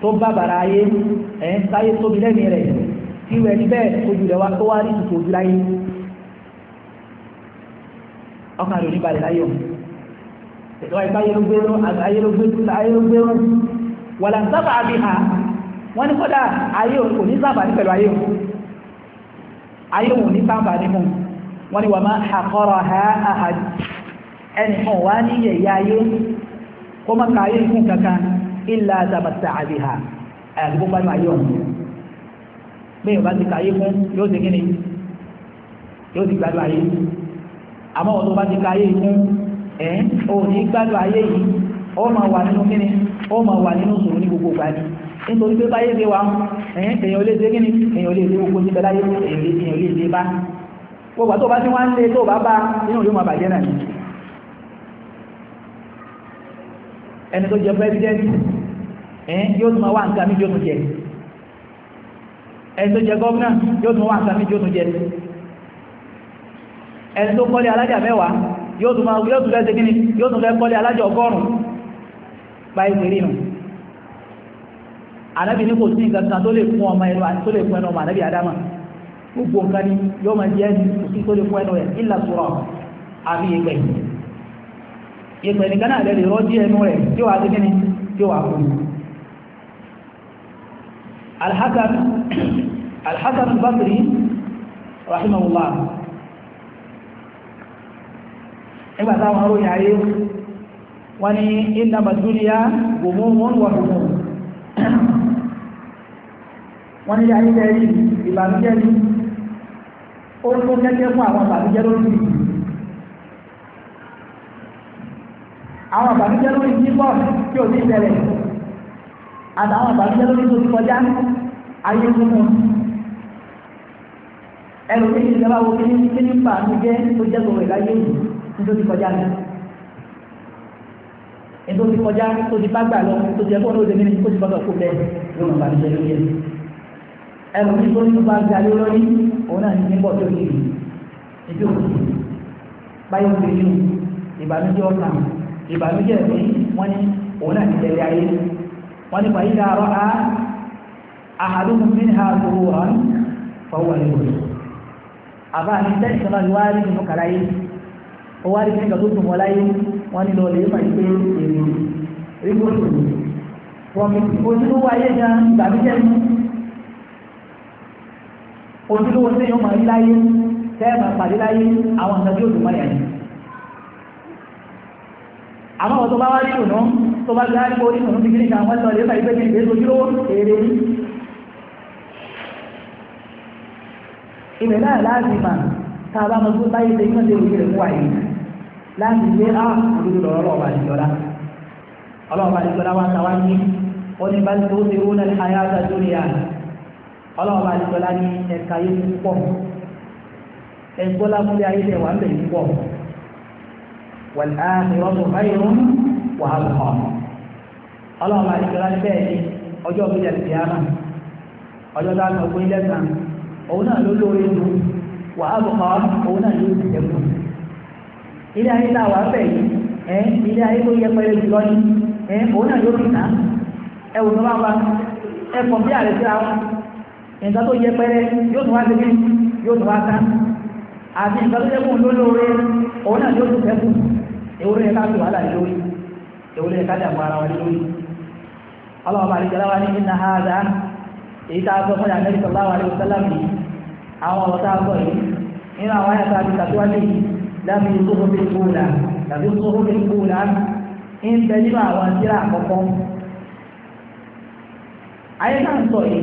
tó bàbàrà ayé ẹ̀yìn sáyé tóbi lẹ́mìí rẹ̀ tí wẹ̀ ní bẹ́ẹ̀ ojú rẹ̀ wá tó wá rí tuntun ojú láyé ọkàn rẹ̀ oníbalẹ̀ láyé ọ̀hún wọ́n ní kódà ayé kò ní sábà ní pẹ̀lú ayé òun ayé òun ní sábà ní mú wọ́n ní ha àhàjù ẹnì kan wá ní yẹ̀yẹ́ ayé kó má ka ayé fún kankan àtàbàtà àbí ha àyàfi kó ayé òun bẹ́ẹ̀ bá ti ka ayé fún yóò ti kíni yóò ti gbádùn ayé àmọ́ wọn tó bá ti ka ayé fún ẹ̀ ò ní gbádùn ayé yìí ó nítorí pé báyé ṣe wà èèyàn olè ṣe gíní èèyàn olè ṣe gbogbo níbẹ̀ láyé èèyàn olè ṣe bá gbogbo tó bá tí wọ́n ń lé tó bá bá inú yóò máa bàjẹ́ náà ẹni tó jẹ pẹ́sidẹ́ntì ẹ̀yìn yóò tún máa wá nǹkan mí yóò tún jẹ ẹni tó jẹ gọ́ọ̀nà yóò tún wá nǹkan mí yóò tún jẹ ẹni tó kọ́lé alájà mẹ́wàá yóò tún fẹ́ ṣe gíní yóò tún fẹ́ kọ́lé alájà ọgọ́rùn-ún báyìí ṣe rí nù ànábì ní kò sí nǹkan kan tó lè fún ọmọ ẹ̀rọ àti tó lè fún ẹnu ọmọ ànábì adama gbogbo nǹkan ni yóò máa jẹ́ òsì tó lè fún ẹnu rẹ̀ ìlà sọ̀rọ̀ àbí ìpẹ́ ìpẹ́ nìkan náà lè rọ́jí ẹnu rẹ̀ tí ó wà sí kíni tí ó wà fún alhassan alhassan basri rahimahullah nígbà táwọn aróyìn ayé wọ́n ní ìnàmàdúnìyà gbòmóhùn wà gbòmóhùn wọ́n ní ayé tẹ́ rí ní ó kẹ́kẹ́ fún àwọn ìbànújẹ́ lórí ìlú àwọn ìbànújẹ́ lórí ìlú pọ̀ tí ò ní ìbẹ̀rẹ̀ àtàwọn lórí kọjá ayé ìjọba wo kí ètò ti kọjá tó ti bá gbà lọ tó ti ẹ̀kọ́ ní òde nínú tó ti bọ́tọ̀ kó bẹ́ẹ̀ ló ń bàjẹ́ lórí ẹ̀ ẹ̀rù tí tó ń bá gbà lé lórí òun náà ní bọ́ tó yìí ibi òkú báyìí ó ti yù ìbànújẹ́ ọ̀nà ìbànújẹ́ ẹ̀mí wọ́n ní òun náà ti tẹ̀lé ayé wọ́n ní pàyí dàrọ́ a àhàdùnmù mí ha gbogbo wọn fọwọ́ ní òun àbá àti tẹ́sí wọ́n ní lọ lè máa pé èrè rígbòsò ní ojúlówó ayé gan ìgbàmíjẹ́ ní ojúlówó tí yóò máa rí láyé tẹ́ẹ̀mà pàdé láyé àwọn ìtàjú òdò máa yà ní àwọn ọ̀tọ́ bá wá rí ìrùnà tó bá gbé àríkò orí ìrùnà bíbí nìkan wọ́n sọ lè máa pé kí n ojúlówó èrè ní ilẹ̀ náà mà tá a bá mọ tó báyé ṣe kí wọ́n ṣe rẹ̀ fún wa láti gbé á ah, òdodo lọ́rọ́ ọba àdìjọ́lá ọlọ́ọ̀bá àdìjọ́lá wa ta wá ní ó ní báyìí tó ti rún náà ayé àtàjọ́ ní àná ọlọ́ọ̀bá àdìjọ́lá ní ẹ̀ka yé púpọ̀ ẹ̀gbọ́lá múlẹ̀ ayé tẹ̀ wá ń bẹ̀ púpọ̀ wàlá ìrọ́bù báyìí wàhálà kọ́ ọlọ́ọ̀bá àdìjọ́lá ní bẹ́ẹ̀ ni ọjọ́ òbí jẹ́ tìyàmà ọjọ́ dáná ògbó ilẹ̀ kan òun náà ló lóore dùn wàhálà kọ́ òun ilé ayé tá a wà bẹ̀ yìí ẹ ilé ayé tó yẹ pẹ́lẹ́ jùlọ ni ẹ òun náà yóò fi tà ẹ wò ló bá wa ẹ kàn bí àrẹ síra wa nǹkan tó yẹ pẹ́lẹ́ yóò tún wá débi yóò tún wá tán àti nǹkan tó yẹ kó lólóore òun náà yóò tún fẹ́ kù ewúro yẹ ká fi wàhálà yìí lórí ewúro yẹ ká dàgbà ara wa lórí ọlọ́wọ́ bá àdìgbà wa ní iná ha dá èyí tá a sọ fún yàrá nẹ́bí sọ̀rọ̀ àwọn àwọn ọ̀rọ̀ tá yìí nínú àwọn àyàtọ̀ àti tàtúwájú yìí lábí sóhóbí kúlà tàbí sóhóbí kúlà ń bẹ nínú àwọn síra àkọ́kọ́ ayé náà ń sọ yìí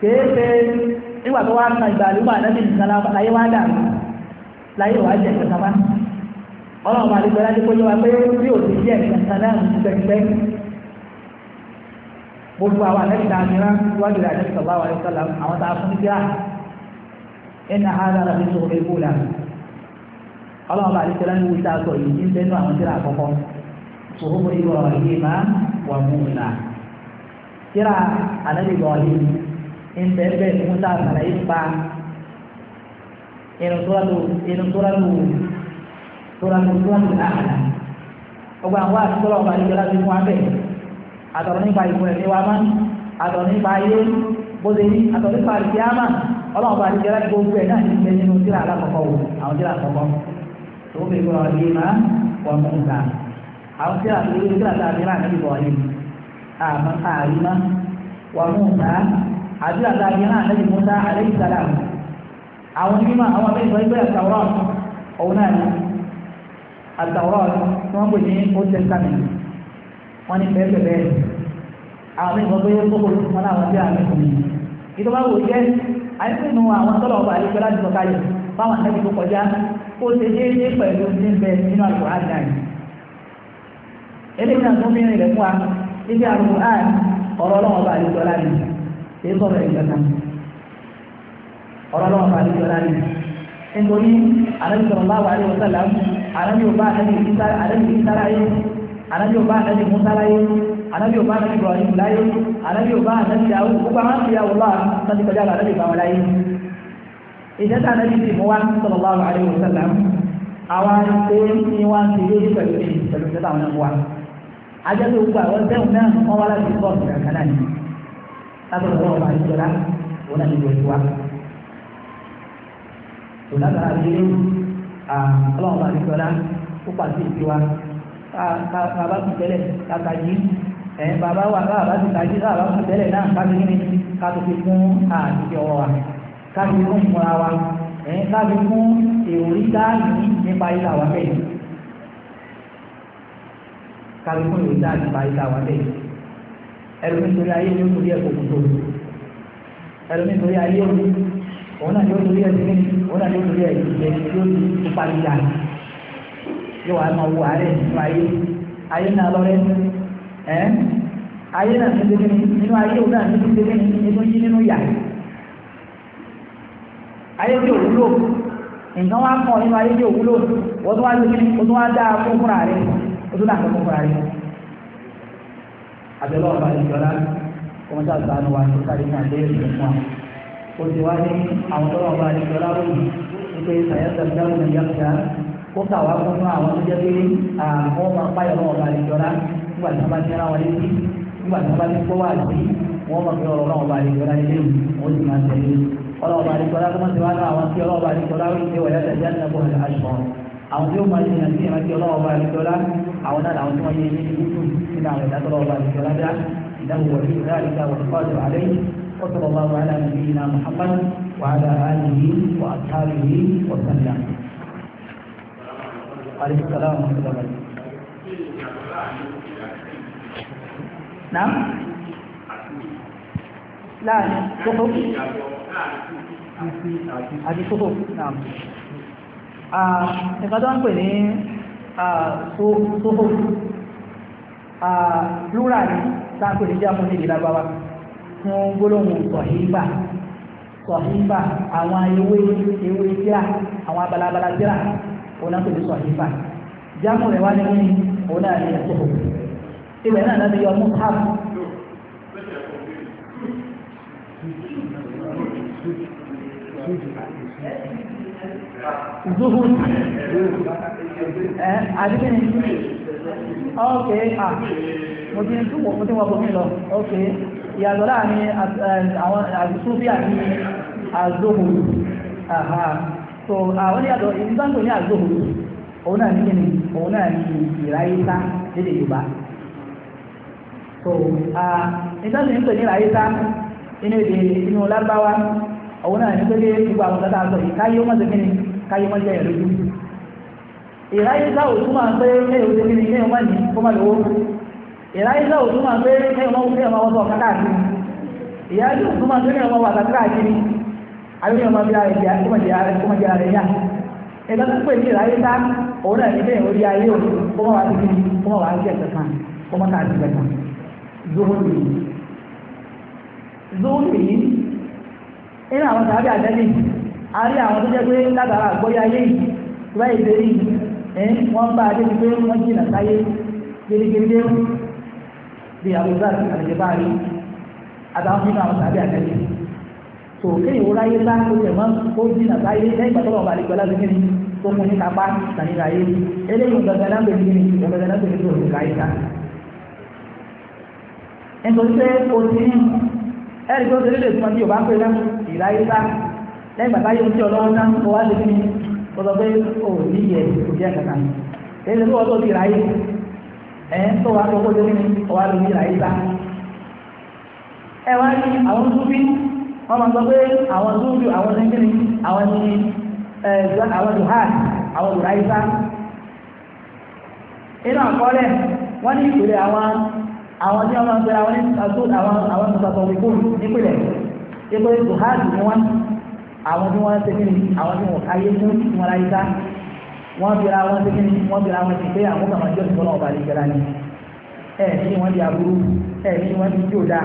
kéèké nígbà tó wá ń ka ìgbàlúwà lẹ́bí nìkan láyé wá dà láyé wá jẹ kẹsàmá ọlọ́run máa lè gbọ́dá dípò yẹ wa pé bí òsì díẹ̀ kẹsàn náà ń gbẹgbẹ́ gbogbo àwọn àlẹ́ ìdámíràn wájú ìdájọ́ sọ̀bá wa ní sọ́lá àwọn tá a fún ní bíà إن هذا رخيصه الأولى الله بعد الكلام ويتعطوا يجين بينه عن ترى فقط صحب إبراهيم وموسى ترى على إبراهيم إن بيبه موسى على إبا إن سورة إن سورة سورة سورة الأعلى ọgbà wa sọlọ ọba ìjọba ti fún abẹ àtọ̀rọ̀ nípa ìfún ẹ̀mí wa máa àtọ̀rọ̀ nípa ayé bó ṣe rí àtọ̀rọ̀ nípa àríkíámà ọlọ́run bá ní jẹ́lá gbogbo ẹ̀ náà ní ìgbẹ́ nínú tíra alákọ̀ọ́kọ́ wò àwọn tíra àkọ́kọ́ tó fi gbọ́ ọ̀rọ̀ yìí máa wọ̀ mú nǹka àwọn tíra tó yẹ tíra táà mìíràn níbi bọ̀ yìí àmọ́ àrímá wọ̀ mú nǹka àdúrà táà mìíràn níbi Mùsá alayhi salam àwọn onímọ̀ àwọn abẹ́rẹ́ sọ ìgbẹ́ àtàwọ̀rọ̀ òun náà ni àtàwọ̀rọ̀ tí wọ́n pè ní old testament wọ́n ní bẹ́ẹ̀ bẹ́ẹ̀ àwọn abẹ́rẹ́ sọ pé kókò ló fún wọn láwọn tíra mìíràn ìtọ́ àìsínú àwọn tọ́lọ̀ ọba àlejò láti sọ kalẹ̀ fáwọn àtẹ́bí tó kọjá kó ṣe déédéé pẹ̀lú ní bẹ nínú àlùkò àdáyé eléyìí náà tó ń bínú ilẹ̀ fún wa ibi àlùkò àn ọ̀rọ̀ ọlọ́wọ́ ọba àlejò láti ṣe sọ̀rọ̀ ìjọba ọ̀rọ̀ ọlọ́wọ́ ọba àlejò láti nítorí àlejò sọ̀rọ̀ bá wà àlejò sálà àlejò bá àlejò ìsára anabi ọba anabi musa láyé anabi ọba anabi ibrahim láyé anabi ọba anabi yahoo gbogbo àwọn àti yahoo bá anabi kọjá lọ anabi ìbáwọn láyé ìjẹta anabi ti mú wa sallallahu alaihi wasallam àwọn àti ní wa ti yé ní pẹ̀lú ní pẹ̀lú ìjẹta àwọn ẹ̀kọ́ wa ajẹ́ tó gbogbo àwọn tẹ́wọ̀n náà wọ́n wá láti bọ́ ọ̀sẹ̀ kan náà ni látọ̀ lọ́wọ́ ọba ìjọba òun ní bàbá kù tẹ́lẹ̀ kàkàjì ẹ̀ bàbá wà bàbá kù kàjì bàbá kù tẹ́lẹ̀ náà káàkiri ní káàkiri fún àtìkè ọwọ́ wa káàkiri fún ìmúra wa ẹ̀ káàkiri fún èròrí dáàbì nípa ilà wa bẹ́ẹ̀ káàkiri fún èròrí dáàbì nípa ilà wa bẹ́ẹ̀ ẹ̀rọ nítorí ayé ló torí ẹ̀kọ́ kò tó ẹ̀rọ nítorí ayé òun náà yóò torí ẹ̀ òun náà yóò torí ẹ̀ ìjẹ́ yóò torí ìpalẹ̀ yóò wá máa wo àárẹ̀ nínú ayé ayé náà lọ́rẹ́ ẹ́ ayé náà ti dégé nínú ayé òun náà ti dégé nínú yí nínú yà ayé tí ò wúlò nǹkan wá kàn nínú ayé tí ò wúlò wọ́n tún wá dégé o tún wá dá fún fúnra rẹ̀ o tún dà fún fúnra rẹ̀ àbẹ̀lọ́ ọ̀rọ̀ àdìjọ́lá wọ́n ṣáà sànù wa tó sáré náà lé ìlú fún wa ó ti wá ní àwọn tọ́lọ́ ọ̀rọ̀ àdìjọ́lá lónìí wípé sàyẹ́sà dáhùn ìyá kó sàwá fún àwọn tó jẹ́ pé àwọn ọmọ apáyọ̀ náà ọba àlejòra nígbà tí wọ́n bá ti rán wọn létí nígbà tí wọ́n bá ti kó wà sí wọ́n mọ̀ pé ọ̀rọ̀ náà ọba àlejòra ilé wọn sì máa tẹ̀lé ọlọ́ọ̀ba àlejòra tó máa ti wá náà àwọn tí ọlọ́ọ̀ba àlejòra wí pé wọ́n yàtọ̀ jáde náà kó hàn aṣọ àwọn tí ó máa yẹn àti ìrántí ọlọ́ọ̀ba àlejòra àwọn náà làwọn tí wọ́n yẹ ní ìlú nínú àwọn ìdájọ́ ọlọ́ọ̀ba dá ìdáhùn wọ̀lú على نبينا محمد وعلى آله وأصحابه وسلم عليه السلام ورحمة الله وبركاته نعم لا كتب àti kókò náà nǹkan tó ń pè ní sókò plural ní sáàpè ní jámọ́ ní ìlàbáwá fún gbólóhùn sọ̀híbà sọ̀híbà àwọn ewé ewé tíra àwọn abalabala tíra òun náà tóbi sọ nípa jáàmù rẹ̀ wá nínú òun náà ní ẹ̀kọ́ ibẹ̀ náà láti yọ mọ́tàb zuhu ẹ adikini ok ah mo ti tún wọ mo ti wọ bọ mi lọ ok ìyàtọ̀ láàrin àwọn àdìsúbí àti àzuhu aha so àwọn uh, yàtọ̀ ibi tó ń tò ní àgbòhùn òun náà ní kíni òun náà ní ìráyíta lédè yorùbá so uh, ìtọ́sí ń tò ní ìráyíta inú èdè inú lágbáwá òun náà ní pé lé gbogbo àwọn tọ́ta sọ ìkáyé mọ́ sí kíni káyé mọ́ jẹ́ ìrẹ́jú ìráyíta ò túmọ̀ pé ẹ̀ ò sí kíni ẹ̀ ò má ní kó má lówó ìráyíta ò túmọ̀ pé ẹ̀ ò má wọ́n sọ káàkiri ìráyíta ò túmọ̀ pé ẹ̀ ò má wà àbí ọmọ bí ara ìjà kó má jẹ ara ìyá ẹgbẹ́ tó pè ní ìráyé tá òun náà ní bẹ́ẹ̀ orí ayé o kó má wàá ti fi kó má wàá jẹ kankan kó má kà á ti kankan zohori zohori nínú àwọn sàbí àjẹbí a rí àwọn tó jẹ́ pé látara àgbóyá ayé yìí láì lè rí ẹ wọ́n bá adé ti pé wọ́n jìnà sáyé gẹ́gẹ́gẹ́ bí àbúrò àti àjẹbá rí àtàwọn nínú àwọn sàbí àjẹbí tò kéyìn wúrà yé bá tó tẹ̀ mọ́ kó jìnnà báyé lẹ́yìn pàtó lọ́wọ́ balẹ̀ gbọ́dọ̀ lókè ní tó mú ní kápá sàníra yé eléyìí gbọ̀ngàn náà bẹ̀rẹ̀ ní gbọ̀ngàn náà bẹ̀rẹ̀ tó lù ká ìta. nítorí pé o ti ní ẹ̀rí tó ti lélẹ̀ fún ọ tí o bá pè náà ìráyé bá lẹ́yìn bàbá yóò tí ọlọ́wọ́ náà kó wá lókè ní o sọ pé o ní yẹ o jẹ́ kàkà ní. èyí ló tó ti ráyé ẹ̀ tó wá lókè ní o wá lókè ìráyé bá. ẹ wá ní àwọn tó bí wọ́n máa sọ pé àwọn zúúdù àwọn sẹ́ńkìrì àwọn ní àwọn duhan àwọn dùráìsá inú àkọọ́lẹ̀ wọ́n ní ìpìlẹ̀ àwọn àwọn tí wọ́n máa ń pẹ̀lú àwọn ìtàkù àwọn àwọn ìtàkù ìkú nípìlẹ̀ ipò duhan ni wọ́n àwọn tí wọ́n ń sẹ́kìrì àwọn tí wọ́n káyé fún ìwọ̀n ráìsá wọ́n bira wọn ti kíni wọ́n bira wọn ti pé àwọn kàmá jọ́sìn fọlọ́ ọba àlejò ara ni ẹ̀ ní wọ́n di aburú ẹ̀ ní wọ́n di jóda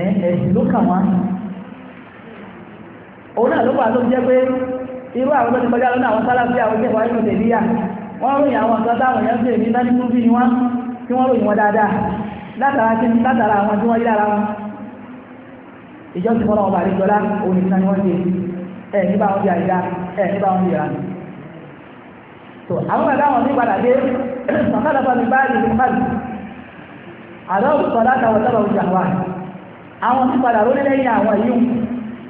ẹ̀ ẹ̀ ló kà wọ́n òun náà ló bá ló jẹ́ pé irú àwọn tó ti kọjá lọ́nà àwọn sálàfí àwọn jẹ́ wáyé ní tèmíyà wọ́n ròyìn àwọn nǹkan táwọn èèyàn tèmí lẹ́ni tún bí ni wọ́n tí wọ́n ròyìn wọn dáadáa látara kí látara àwọn tí wọ́n yí lára wọn ìjọ ti fọ́nà ọba àríjọlá òun nìkan ni wọ́n ṣe ẹ̀ nígbà wọn bí àrídá ẹ̀ nígbà wọn bí ìranù tó àwọn bàbá wọn ní padà dé sọ̀kálàfà mi báyìí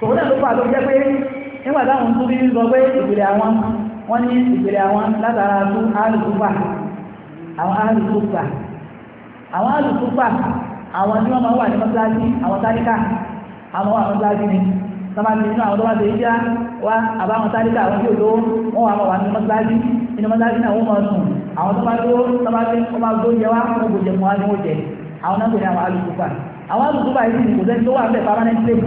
tòun náà ló fà ló jẹ́ pé nígbà táwọn tún bí sọ pé ìpìlẹ̀ àwọn wọ́n ní ìpìlẹ̀ àwọn látara tún áàlùkúfà àwọn áàlùkúfà àwọn áàlùkúfà àwọn tí wọ́n máa wà ní mọ́sálásí àwọn táríkà àwọn wà mọ́sálásí ni sọ́mà ti nínú àwọn tó bá ti yíjá wá àbáwọn táríkà àwọn tí ò lówó wọ́n wà wà ní mọ́sálásí inú mọ́sálásí náà wọ́n máa sùn àwọn tó bá lówó sọ́mà wọ́n máa gbó jẹ wá wọ́n kò jẹ fún wa ní wọ́n jẹ àwọn náà kò ní àwọn áàlùkúfà àwọn áàlùkúfà yìí kò sẹ́ni tó wà bẹ́ẹ̀ permanent place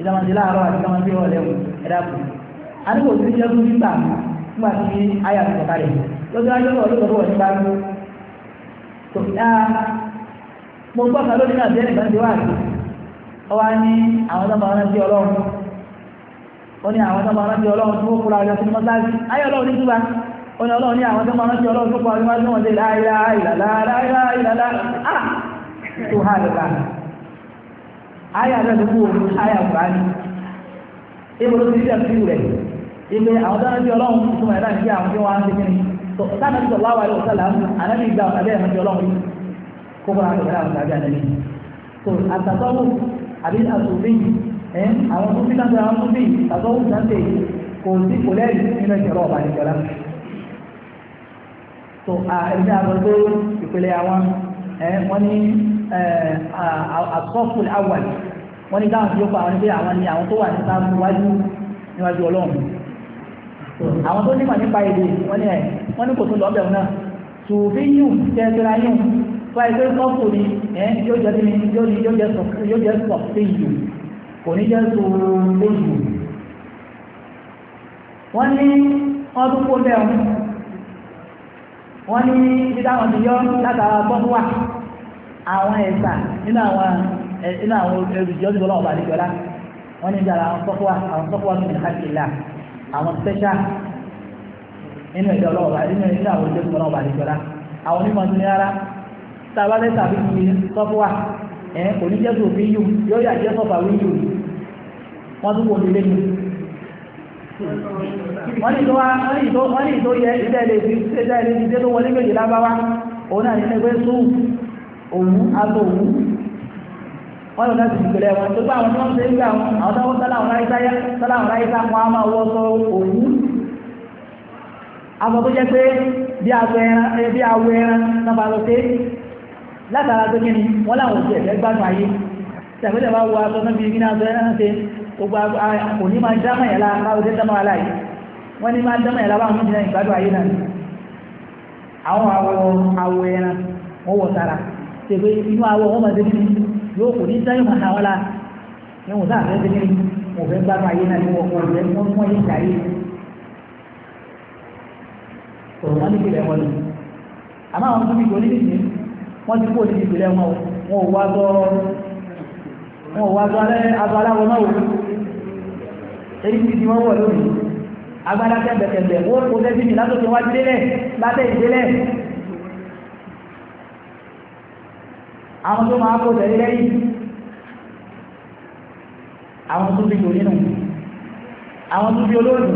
ìdámọ̀dé láàárọ̀ àti káwọn bí ọ̀rẹ́ wọn ẹ̀dá kù. jẹ́ fún títà nígbà tí àyà ti lọ́jọ́ ajọ́ náà tó dá mo gbọ́ lónìí náà nìkan ti wá àti ní àwọn tó máa rántí ọlọ́run ó ní àwọn tó máa rántí ọlọ́run tó kúra ọjọ́ sí mọ́sáàsì ayé ọlọ́run ní túbà ó ní ọlọ́run ní àwọn tó ayé àdàdúgbò ayé àgbáyé ebi ló ti di àti rẹ̀ ebi àwọn tó ń di ọlọ́run tó máa dáhùn sí àwọn tí wọ́n á ń ṣe kíni tó sáà nàbí sọ̀rọ̀ wáwá lọ́wọ́ sálà ànábì gba ọ̀tà bẹ́ẹ̀ nàbí ọlọ́run yìí kó bá àwọn ọ̀tà àwọn àgbà nàbí tó àtàtọ́wò àbí àtòbí ẹ̀ àwọn tó fi dáńtọ́ àwọn tó fi àtọ́wò dáńtẹ́ kò sí kò lẹ́yìn nínú ìṣẹ̀rọ̀ ọ̀bà nìjọba tó à ẹ̀mí àgbà tó ìpele àwọn ẹ̀ wọ́n ní àsọ́fùl eh, awal wọ́n ní dáhùn tí ó pa àwọn níbi àwọn ni àwọn tó wà nípa níwájú níwájú ọlọ́run àwọn tó nípa nípa èdè wọ́n ní ẹ̀ wọ́n ní kò tó lọ́bẹ̀ náà tùbí yùn tẹ́tẹ́ra yùn fún ẹgbẹ́ sọ́fù ni ẹ̀ yóò jẹ́ ní yóò jẹ́ sọ̀fù yùn kò ní jẹ́ sọ̀fù yùn wọ́n ní wọ́n tún kó bẹ́ẹ̀ wọ́n ní bí táwọn ti yọ látara bọ́ọ̀wà àwọn ẹ̀sà nínú àwọn nínú àwọn ọba àdìjọ́lá wọ́n ní ìjàrà àwọn sọ́kọ́wà àwọn sọ́kọ́wà nínú ìhàkìlá àwọn sẹ́ṣà nínú ìjọ ọlọ́ọ̀bà nínú ìjọ àwọn ọba àdìjọ́lá àwọn onímọ̀ tó ní rárá tábàlẹ́ tàbí ti sọ́kọ́wà ẹ̀ kò ní jẹ́sù òfin yù yóò yà jẹ́ sọ́fà wọ́n tún kò ní wọ́n ní ìtó yẹ òun alóhun wọ́n lọ láti ìpìlẹ̀ wọn tó bá àwọn tó ń ṣe ń gbà wọn àwọn tó ń sálàmù láìsáyá sálàmù láìsá wọn a máa wọ́ sọ òun aṣọ tó jẹ́ pé bí awọ ẹran náà lọ sí látara tó kíni wọ́n láwọn òṣèlú ẹ̀fẹ́ gbádùn ayé tẹ̀fẹ́tẹ̀ bá wọ aṣọ náà bí iná aṣọ ẹran ṣe gbogbo kò ní máa dámọ̀ yẹn lára báwo tẹ́ dámọ̀ aláì wọ́n ní máa dámọ̀ yẹn lára báwọn mú àwọn tẹ̀wé inú awọ wọn máa yóò kò ní sẹ́yìn máa wọn la sáà fẹ́ débi wọn fẹ́ gbádùn ayé náà ní wọn wọn fẹ́ wọn yé ìjà yé tòun wọn ní ìpìlẹ̀ wọn àmọ́ àwọn tó bí kò ní nìyí wọ́n ti kó ní ìpìlẹ̀ wọn wọn ò wá gbọ́ wọn ò wá gbọ́ agbọ́ aláwọ̀ náà o èyí ti di wọ́n wọ̀ lónìí agbára kẹ́gbẹ̀kẹ́gbẹ̀ wọ́n kó àwọn tó máa kó tẹ̀lé lẹ́yìn àwọn tó bí onínú àwọn tó bí olóòdù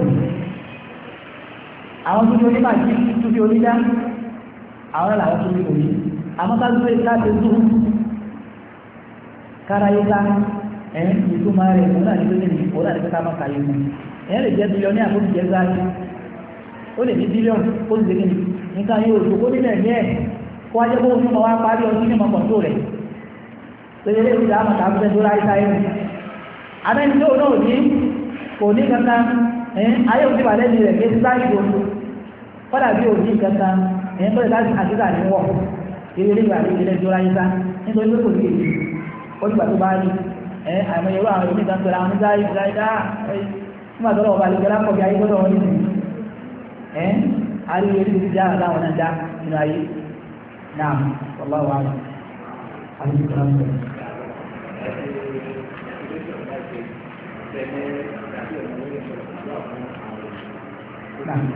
àwọn tó bí onímàjí tó bí onídá àwọn náà làwọn tó bí òní àmọ́ ká gbé láti tó káráyé ká ẹ̀yìn ìtumọ̀ rẹ̀ òun náà ní pé ní òun náà ní pé ká má kàyé mọ́ ẹ̀yìn lè jẹ́ bílíọ̀nù àkókò jẹ́ gbáàdì ó lè ní bílíọ̀nù ó sì lè ní nǹkan yóò tó kó nílẹ̀ ní ẹ̀ kó wájẹ́ bó ní ọmọ wa parí ọdún ní ọmọ kọ̀tó rẹ̀ lórí ilé ìdá àmọ̀ tàbí ẹ̀dọ́ láyé táyé ni, abẹ́ni tó náà ní kò ní ni ayé òbí balẹ̀ ní rẹ̀ kí ẹ̀sìn báyìí ló kọ́dà bí òbí kankan ẹ̀yìn tó lè láti àdúrà ní wọ̀ ilé ilé ìgbà ilé ẹ̀dọ́ láyé tá nítorí pé kò ní èyí ó dìgbà tó bá rí àìmọye wà àwọn oníkan tó ra wọn dáì dáì dáà nígbà tó lọ́wọ́ balẹ̀ gẹ́lá kọ̀ọ̀bí ayé gbọ́dọ̀ wọn nínú àríwé ní ti náà ọlá wa àti ìgbàlódé. Thank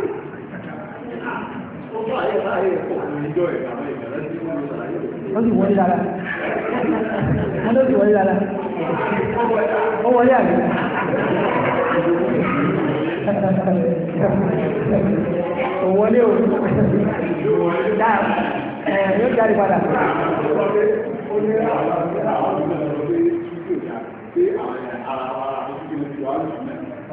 you ó sì wọlé dára wọ́n ló sì wọlé dára ó wọlé àgbà ó wọlé o dáa ẹ̀ yóò jáde padà pé àwọn ará wa ní kí ló ti wá lùsùn náà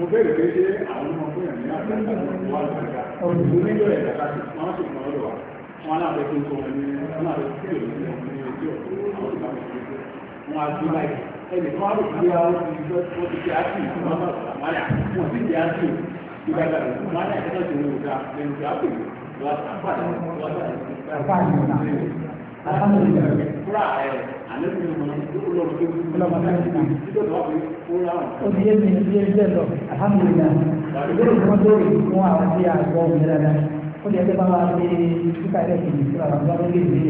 mo bẹ̀rẹ̀ pé ṣé àwọn ọmọ fún ìrìn àjò Odi yé mi ní ẹgbẹ́ lọ, alhamdulilah, ìgbèrò tí wọ́n tó rí fún àwọn tí a gbọ́ òun dáadáa. Ó lè ẹgbẹ́ bá wa ṣe kíkà ẹ̀rẹ́ kìíní sí àwọn ọ̀gá lórí ìwé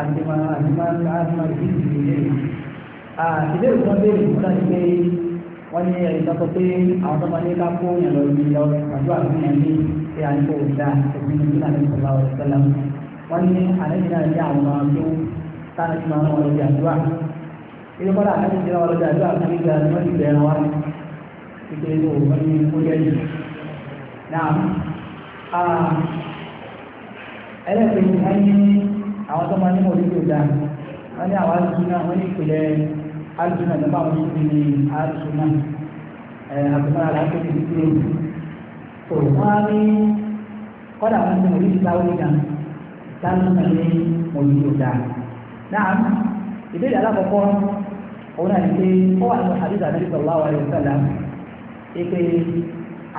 àdìmọ̀ àdìmọ̀ àdìmọ̀ ìdíjì ìwé. Ìbéèrè tí wọ́n béèrè fún náà ni pé wọ́n ní ẹ̀rí sọ pé àwọn tọ́mọ ní ká kó yàn lọ sí lọ pàdó àfihàn yẹn ní ṣe àyíkó òdà ẹ̀gbìn ní ìlànà ìsọ̀lá ọ̀sẹ̀ lọ. Wọ́n ní àlejò náà táwọn ti máa ń wọlé di àdúrà ilé kọ́lá àti ti náà wọlé di àdúrà fún ìgbà tí wọ́n ti bẹ̀rẹ̀ wá nítorí tó wọ́n ní kó yẹ yìí. náà ẹlẹ́sìn wọ́n ní àwọn tó máa ń mọ̀ lórí ìgbà wọ́n ní àwọn alùpùpù náà wọ́n ní ìpìlẹ̀ alùpùpù náà nípa àwọn tó ti ní alùpùpù náà àtùmọ̀ aláàbò ti dúró tó wọ́n á ní kọ́dà wọn ti náà ìbéèrè alákọ̀ọ́kọ́ òun náà ní pé ó wà nínú hadith àti sallallahu alaihi wasallam ìpè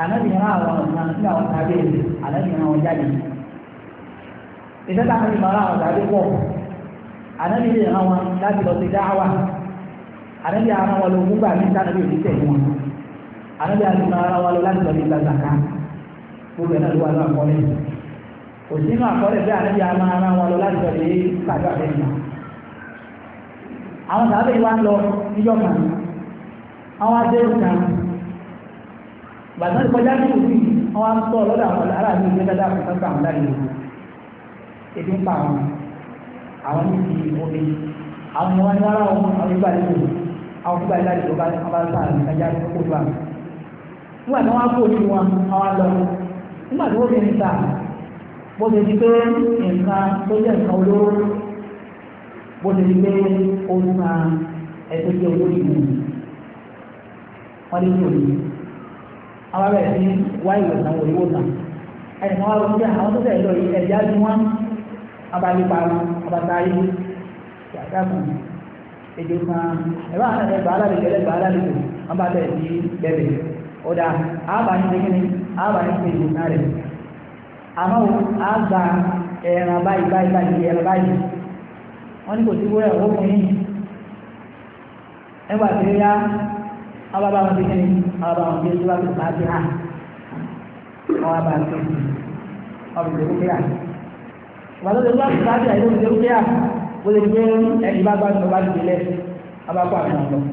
ànábìyàn àwọn ọ̀nà sí àwọn tàbí ànábìyàn àwọn jáde ìfẹ́ta àwọn ìmọ̀ràn àwọn tàbí pọ̀ ànábìyàn àwọn láti lọ sí dáhàwà ànábìyàn àwọn wọn ló gbúgbà ní sànàbí òní tẹ̀lé wọn ànábìyàn àwọn ìmọ̀ràn wọn lọ láti lọ sí gbàgbàká gbogbo ẹ̀ náà ló wà ní àkọọ́lẹ̀ òsínú àkọọ́lẹ̀ bí ànábìyàn àwọn ará wọn lọ láti lọ sí gbàgbàká àwọn sàábẹ̀ ìwá lọ níjọ́ kan àwọn adéhùn kan bàtà ìkọjá ní òfin àwọn atọ lọ́dọ̀ àwọn ará mi ìgbé dáadáa fún kankan àwọn láàrin ìlú ebi ń pa àwọn àwọn ni wọn ní wàrà wọn àwọn ìgbà lẹ́yìn àwọn fúgbà ìlà ìlú bá bá sá àrùn ìkọjá ní kókó tó àmì nígbà tí wọn kó ojú wọn àwọn alọ nígbà tí wọn fi ń ta bó ṣe di pé nǹkan tó jẹ nǹkan olóró bó ti di pé ó ń san ẹgbẹ́ tí owó ìlú wọn lé ní òní àwọn abẹ́rẹ́ sí wá ìwòsàn wò ìwòsàn ẹnì kan wá lọ sí àwọn tó tẹ̀lé lọ yìí ẹ̀dí á ní wọn abalipa abatari yàtàkùn èdè kan ẹ̀rọ àwọn ẹ̀bà alálejò ẹlẹ́bà alálejò wọn bá bẹ̀rẹ̀ sí bẹ̀rẹ̀ ọ̀dà àbáyé kékeré àbáyé kékeré náà rẹ̀ àmọ́ àgbà ẹ̀ràn báyìí báyìí báyìí ẹ̀ràn báyìí wọ́n ní kò sí wúrẹ́ owó fún yín ẹgbà tí ó yá abábá wọn ti kí ni abábá wọn ti ṣúra tó bàá ti hà wọn bá ti ọbẹ̀ tó kúkẹ́ à ìbàdó tó bá ti bàá ti hà ìlú tó kúkẹ́ à ó lè gbé ẹni bá gbádùn ọba ti délẹ̀ abákọ̀ àmì ọ̀lọ́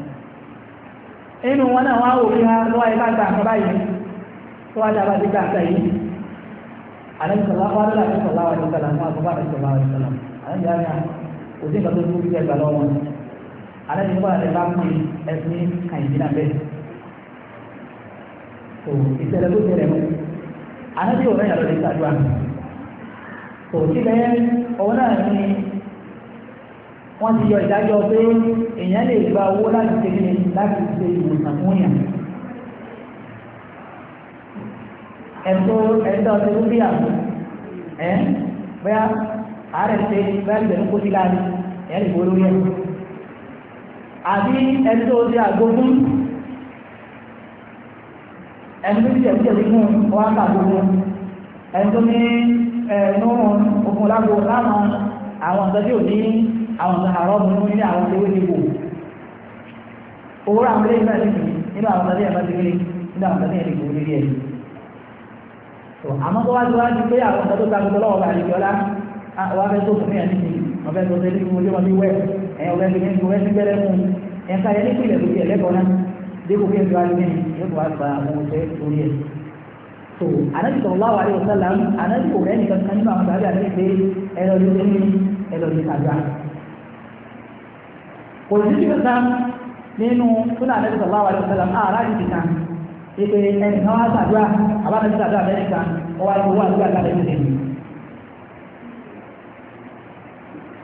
inú wọn náà wọn á wò fún wa lọ́wọ́ ẹ̀ bá ta àkọ́ báyìí tó wá dábàá ti gbà àkà yìí àlẹ́ sọ̀lá wọn lọ́wọ́ àti sọ̀lá wọn ti sọ̀lá wọn àti sọ̀lá wọn ti sọ̀lá wọn àlẹ́ kò sí nǹkan tó kú bí ẹgbàá lọ́wọ́ alẹ́ nígbà rẹ̀ bá pín ẹsìn kàìjìnà bẹ́ẹ̀ tó ìṣẹ̀lẹ̀ tó ṣẹlẹ̀ mọ́ alẹ́ tí òun náà yàrá lè ṣàdúrà tó sílẹ̀ òun náà ní wọ́n ti yọ ìdájọ́ pé èèyàn lè gba owó láti ṣe kíni láti ṣe ìwòsàn fún yàn ẹ̀tọ́ ẹ̀tọ́ ti rúbíà ẹ̀ bẹ́ẹ̀ àárẹ̀ ṣe bẹ́ẹ̀ bẹ̀rẹ̀ kó sí láàrin ẹ̀rì ìwò lórí ẹ̀ àbí ẹni tó ṣe àgbógún ẹni tó ṣe ìjẹ̀bí mú wá ń àgbógún ẹni tó ní ẹnu ogun lágbo láwọn àwọn ọ̀sẹ̀ tí ò ní àwọn ọ̀sẹ̀ àárọ̀ mú ní àwọn ewé ti wò owó àwọn ilé ìgbà ní nínú àwọn ọ̀sẹ̀ ẹ̀fẹ́ ti rí nínú àwọn ọ̀sẹ̀ ẹ̀rì ìwò lórí ẹ̀ àmọ́ tó wá ti wá pé àwọn ọ̀sẹ̀ tó ta gbogbo lọ́wọ́ àwọn ah, abẹ́ tó fún mi àti mi ọbẹ̀ tó tẹ́lẹ̀ fún ojú ọmọdé wẹ̀ ẹ̀ ọbẹ̀ tó ní ọbẹ̀ tó bẹ̀rẹ̀ fún ẹ̀ ká yẹ nípa ilẹ̀ lórí ẹ̀lẹ́kọ̀ọ́ náà dégò kí n tó alẹ́ mẹ́rin yóò tó wá gba àwọn oṣẹ́ orí ẹ̀. tó anabi sallallahu alaihi wasallam anabi kò rẹ́ni kankan nínú àwọn bàbá àti pé ẹlọ́dún tó ní ẹlọ́dún tàbí kò sí ti kankan nínú fún anabi sallallahu alaihi wasallam ààrá ti kankan ipe ẹnì kan wá sàdúrà àbá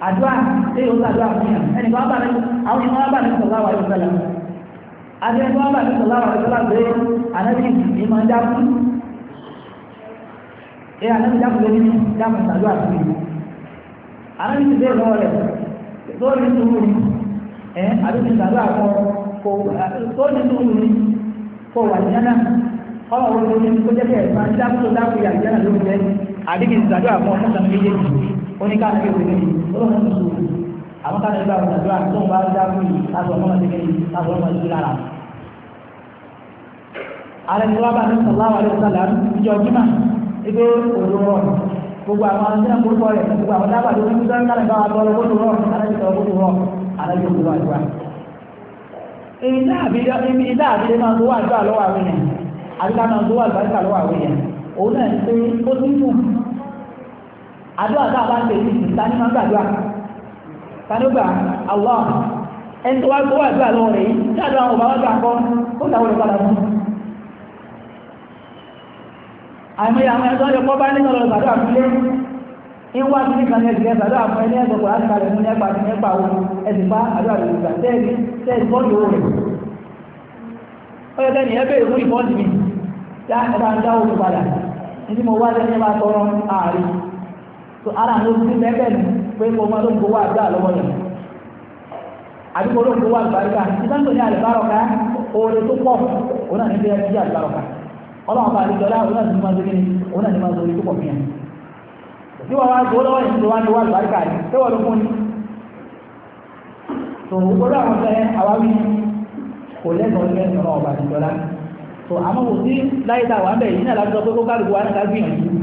àdúrà tí yóò sàdúrà fún yàn ẹni tó bá ní àwọn ìmọ̀ bá ní sọ̀lá wà yóò sọ̀lá àti ẹni tó bá ní sọ̀lá wà yóò sọ̀lá pé ànábì ìmọ̀ ń dákú ẹ ànábì dákú lé nínú dákú sàdúrà fún yàn ànábì ti dé lọ́wọ́ rẹ̀ tó ní sùúrù ni ẹ àdúgbò sàdúrà fún kò tó ní sùúrù ni kò wà ní yánà kọ́lọ̀ wọn ló ní kó jẹ́ kẹ́ ẹ̀ máa ń dákú tó dákú yà Onye òṣèlú yìí lọ́wọ́ ní sùúrù àwọn káàdì ìgbà wọn àdúrà tó ń bá dáhùn yìí lásán ọmọ ṣẹlẹ̀ yìí lásán ọmọ ìlú lára. ààrẹ bá ní sallallahu alaihi wasallam ìjọ jimá ebe òdo gbogbo àwọn gbogbo àwọn dábàá tó ń sọ́yìn kálẹ̀ ilé máa tó wà àdúrà tá a bá ṣe yìí ta ní máa ń gbàdúrà àwọ̀ ẹni tó wá tó wà gbà lọ rẹ̀ yìí tí àdúrà wọn wá gbà kọ́ ó dàwọn fún àwọn kọ́ bá ní gbàdúrà fún lé wá sí ẹ̀sìn ẹ̀sìn àdúrà fún ẹni láti kalẹ̀ fún ẹ̀sìn bá àdúrà lè gbà tó ara ló ti lẹ́bẹ̀ nù pé mo máa ló ń gbowó àgbà lọ́wọ́ yẹn àbí mo ló ń gbowó àgbàríkà ìdáńtò ní àlùbárọ̀ká oore tó pọ̀ òun náà ní bí ẹbí àlùbárọ̀ká ọlọ́run bá àlejò ọlá òun náà ti máa dókè ní òun náà ti máa dókè tó pọ̀ fìyàn tí wọ́n wá gbowó lọ́wọ́ yẹn tó wá ní owó àlùbáríkà rẹ̀ ṣé wọ́n ló fún ni tó gbogbo àwọn ọ̀sẹ̀ àwáwí kò lẹ́gbọ̀n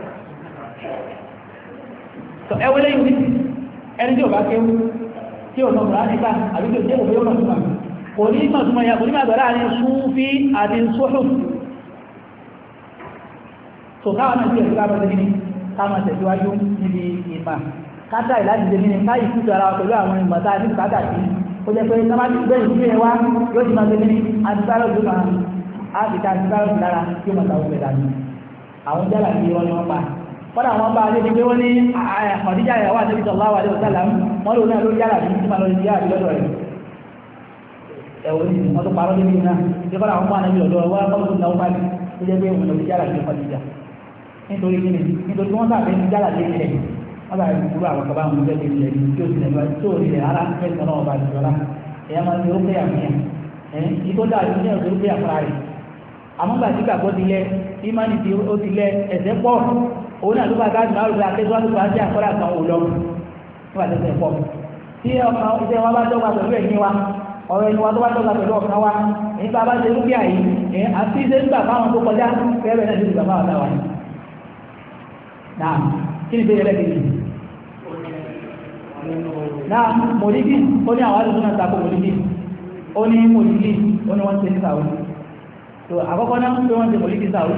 tọ ẹ wọlé yìí ẹni tí o bá kéwù tí o sọ fún láti ká àbí tí o jẹ́ òfin ọmọ ìtumọ̀ kò ní ìmọ̀ ìtumọ̀ ya kò ní àgbàrá ní súnfí àti sóhùn tó káwọn náà tiẹ̀ ká bọ́sẹ̀ gíní káwọn tẹ̀síwájú níbi ìmà kátà ìlàjì lè gíní ká ìkú ara wa pẹ̀lú àwọn ìmọ̀ tá a ní bùkátà sí ó jẹ́ pé sábà ti gbé ìdí ẹ wá yóò ti máa gbé gíní àti sáré òjò kan á fi ká àti sáré òjò lára yóò máa ta òfin dànù àwọn jálà ní wọn ni wọn pa fọ́dà wọn bá débi pé wọ́n ní àkọ̀díjà ìyàwó àdébí sọ̀lá wà lóò sálàm wọ́n lòun náà ló yára bí tí màá lọ sí àbí lọ́dọ̀ rẹ̀ ẹ̀wọ̀n ní wọ́n tó parọ́ débi náà bí fọ́dà wọn bá ànábì lọ́dọ̀ wọ́n kọ́ lóun náà wọ́n tó jẹ́ pé òun lọ sí yára bí kọ̀díjà nítorí kí ni nítorí wọ́n sàbẹ̀ ní yára lé ilẹ̀ wọ́n bá gbúrú àwọn kaba àwọn ọmọdé ilẹ̀ tí ó ti lẹ̀ tó rí rẹ̀ ó ti lẹ̀ ẹ̀sẹ̀ pọ̀ òun náà ló bá gáàsì máa rògbé akẹ́kọ̀ọ́ àti fàájì àkọ́lá kan ò lọ nígbà tó tẹ̀ pọ̀ tí ọkàn iṣẹ́ wa bá dọ́gba pẹ̀lú ẹ̀yìn wa ọ̀rọ̀ ẹ̀yìn wa tó bá dọ́gba pẹ̀lú ọkàn wa nípa bá ṣe rúbíà yìí àti ṣe ń gbà fáwọn tó kọjá fẹ́rẹ̀ náà ṣe ń gbà fáwọn táwa yìí. náà kí ni ìbéèrè lẹ́kẹ̀ẹ́ yìí. náà mòlídì ó ní àwọn àdúgbò náà takò mòlídì ó ní mòlídì ó ní wọ́n ti ń sàwọn. àkọ́kọ́ náà ń pè wọ́n ti mòlídì sàwọn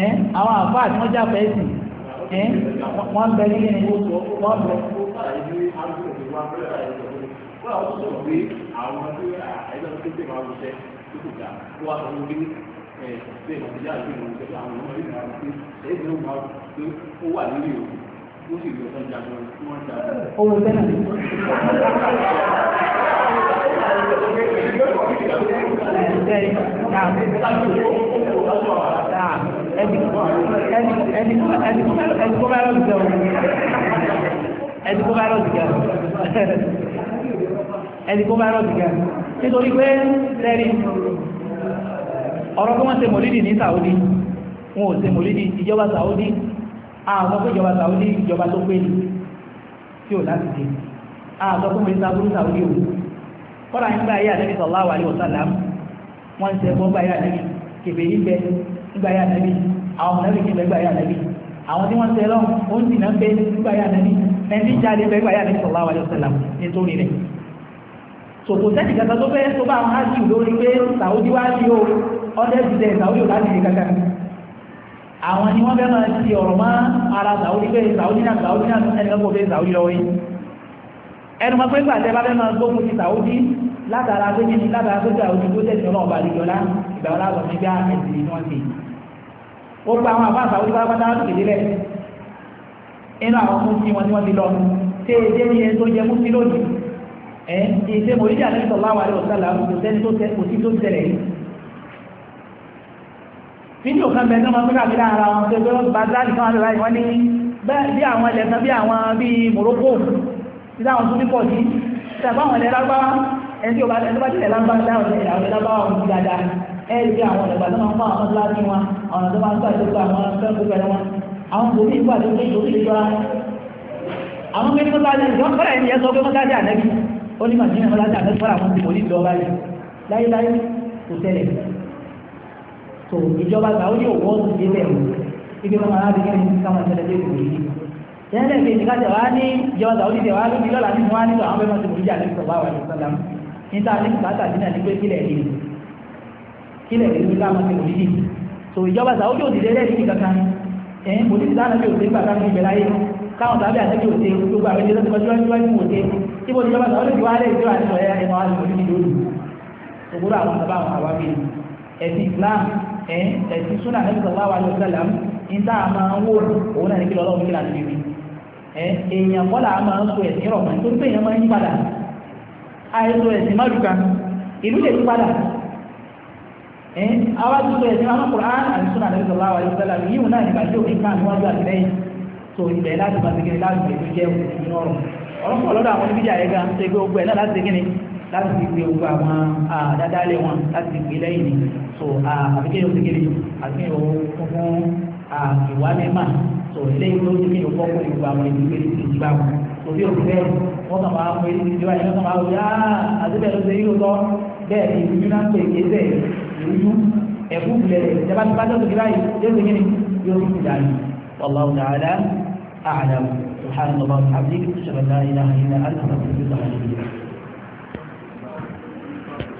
ẹ́ àwọn àfáà tí wọ́n jáfẹ́ sí ẹ́ wọ́n bẹ ní ẹni wọ́n bẹ Owó tẹ́lẹ̀ ẹni kó bá lọ́sì jẹun ẹni kó bá lọ́sì jẹun ẹni kó bá lọ́sì jẹun nítorí pé lẹ́rí ọ̀rọ̀ kí wọ́n ṣe mòlídì ní Saudi wọn ò ṣe mòlídì ìjọba Saudi àwọn pé ìjọba Saudi ìjọba tó pé ní tí ò láti dé àwọn pé mòlídì Saudi kọ́ra nígbà ayé ànábì sallallahu alaihi wasallam wọ́n ń ṣe ẹgbọ́n gbà ayé ànábì kèbè yìí bẹ nígbà ayé ànábì àwọn mọ̀lẹ́bí kèbè gbà ayé ànábì àwọn tí wọ́n ń ṣe lọ́n ó ń bẹ nígbà ayé ànábì nàìjí jáde bẹ nígbà ayé ànábì sallallahu alaihi wasallam nítorí rẹ̀. sòkò sẹ́ni kàkà tó fẹ́ tó bá àwọn ájú lórí pé sàwùjí wá sí o ọdẹ ti dẹ sàwùjí ò láti rí kankan àwọn ni wọ́n fẹ́ máa ti ọ̀rọ̀ mọ́ ara sàwùjí pé sàwùjí náà sàwùjí náà ẹnì ẹnu mọ́ pé gbàtẹ́ bá fẹ́ máa gbógun ti sàwọ́dí látara pé kíni látara pé sàwọ́dí kó tẹ̀sí ọlọ́ọ̀bà àdìjọlá ìgbà wọn láàbọ̀ nígbà ẹ̀sìn ni wọ́n ti ó gba àwọn àbá àsàwọ́dí pátápátá kéde lẹ̀ inú àwọn fún tí wọ́n tí wọ́n ti lọ ṣé èdè ni ẹni tó jẹ mú sí lónìí ẹ ìṣe mòrídìí àlẹ́ sọ̀lá wà lọ sálà kò sẹ́ni tó tẹ́ kò sí tó tẹ̀lẹ̀ fídíò kan bẹ̀ẹ́ tó máa pínlẹ̀ gbé bá ìdáwọn tó ní pọ̀ sí ṣàbáwọn ilẹ̀ lágbára ẹni tí ó bá tilẹ̀ lágbára dáwọn ilẹ̀ àwọn ilẹ̀ lágbára ọ̀hún dáadáa ẹ̀rí bí àwọn ọ̀dọ̀gbà tó máa ń fún àwọn láti wọn ọ̀nà tó máa ń gbà tó gba àwọn ọ̀nà tó gbẹ̀rẹ̀ wọn àwọn kò ní ìgbà tó ní ìgbòkè lè jọra àwọn pé mọ́tàlì ìjọba fẹ́rẹ̀ ẹni yẹn sọ pé mọ́tàlì ànẹ́bí ó ní màtí náà mọ́tàlì ànẹ́bí fẹ́rẹ̀ àwọn ìbò nílò ọba yìí láyéláyé kò tẹ̀lẹ̀ tó ìjọba gbà ó ní òwò ọ̀sùn débẹ̀ ìgbé wọn arábìnrin káwọn tẹ̀lẹ̀ dé ìgbòkè tẹ́lẹ̀ kejì ká tẹ̀wá ní ìjọba sàwọ́dí tẹ̀wá lóbi lọ́la nínú wá nílò àwọn mẹ́fà tó mọ̀lújà lórí sọ̀bá wà ní sọ́lá ní tá a ní bàtà dínà ní pé kílẹ̀ èdè kílẹ̀ èdè ní káàmọ́ ti mọ̀lújì tó ìjọba sàwọ́dí ò ti dé lẹ́yìn kankan ẹ̀yìn kò ní ti dáná bí òde gbà ká ní ìbẹ̀lá yìí káwọn tàbí àtẹ́bí òde gbogbo àwọn ilé lọ́sọ̀kọ́ tí wọ́n ti wáyé òde tí mo ìjọba sàwọ́dí ti wá lé ìjọba àti ọ̀yà ẹ̀mọ́ àti mọ̀lújì lóru òwúrò àwọn bàbá àwọn àwa bíi ẹ̀sìn Islam ẹ̀sìn súnà nẹ́bí sọ̀rọ̀ àwọn àlọ́ ìsàlámù ní tá a máa ń wò òun náà ní kí lọ́lọ́run kí làtúbí èèyàn kọ́là a máa ń so ẹ̀sìn rọ̀ tó pé èèyàn máa ń padà àìsọ ẹ̀sìn márùkà ìlú lè padà àwọn tó so ẹ̀sìn máa ń kọ̀ án àìsùn àti ìsọ̀lá àwọn ìsọ̀lá yíò náà nígbà tí òfin káà níwájú àti lẹ́yìn tó ibẹ̀ láti bá segin láti gbèdú jẹ́ òfin ọ̀rọ̀ ọ̀rọ̀ pọ̀ lọ́dọ̀ àwọn oníbíjà yẹn gan ṣe gbé ogun ẹ̀ náà láti segin láti fi gbé ogun àwọn àdádálẹ̀ wọn láti gbé lẹ́yìn ni so àbíkẹ́yọ̀ segin àbíkẹ́yọ̀ fún ìwà mẹ́mà tó lẹ́yìn tó ti kí ló kọ́kọ́ ìlú àwọn ìlú méjì ti gbà wọn òbí òbí bẹ́ẹ̀ wọ́n kàn máa mú ilé ìjọba yẹn kàn máa wọ yá àdébẹ̀ ló ṣe yí lóòótọ́ bẹ́ẹ̀ ni ìlú náà pè é bẹ́ẹ̀ ìlú ẹ̀kú bilẹ̀ ìjọba ti bá tó ti báyìí yóò ti kíni yóò ti dà ní a'lam subhanahu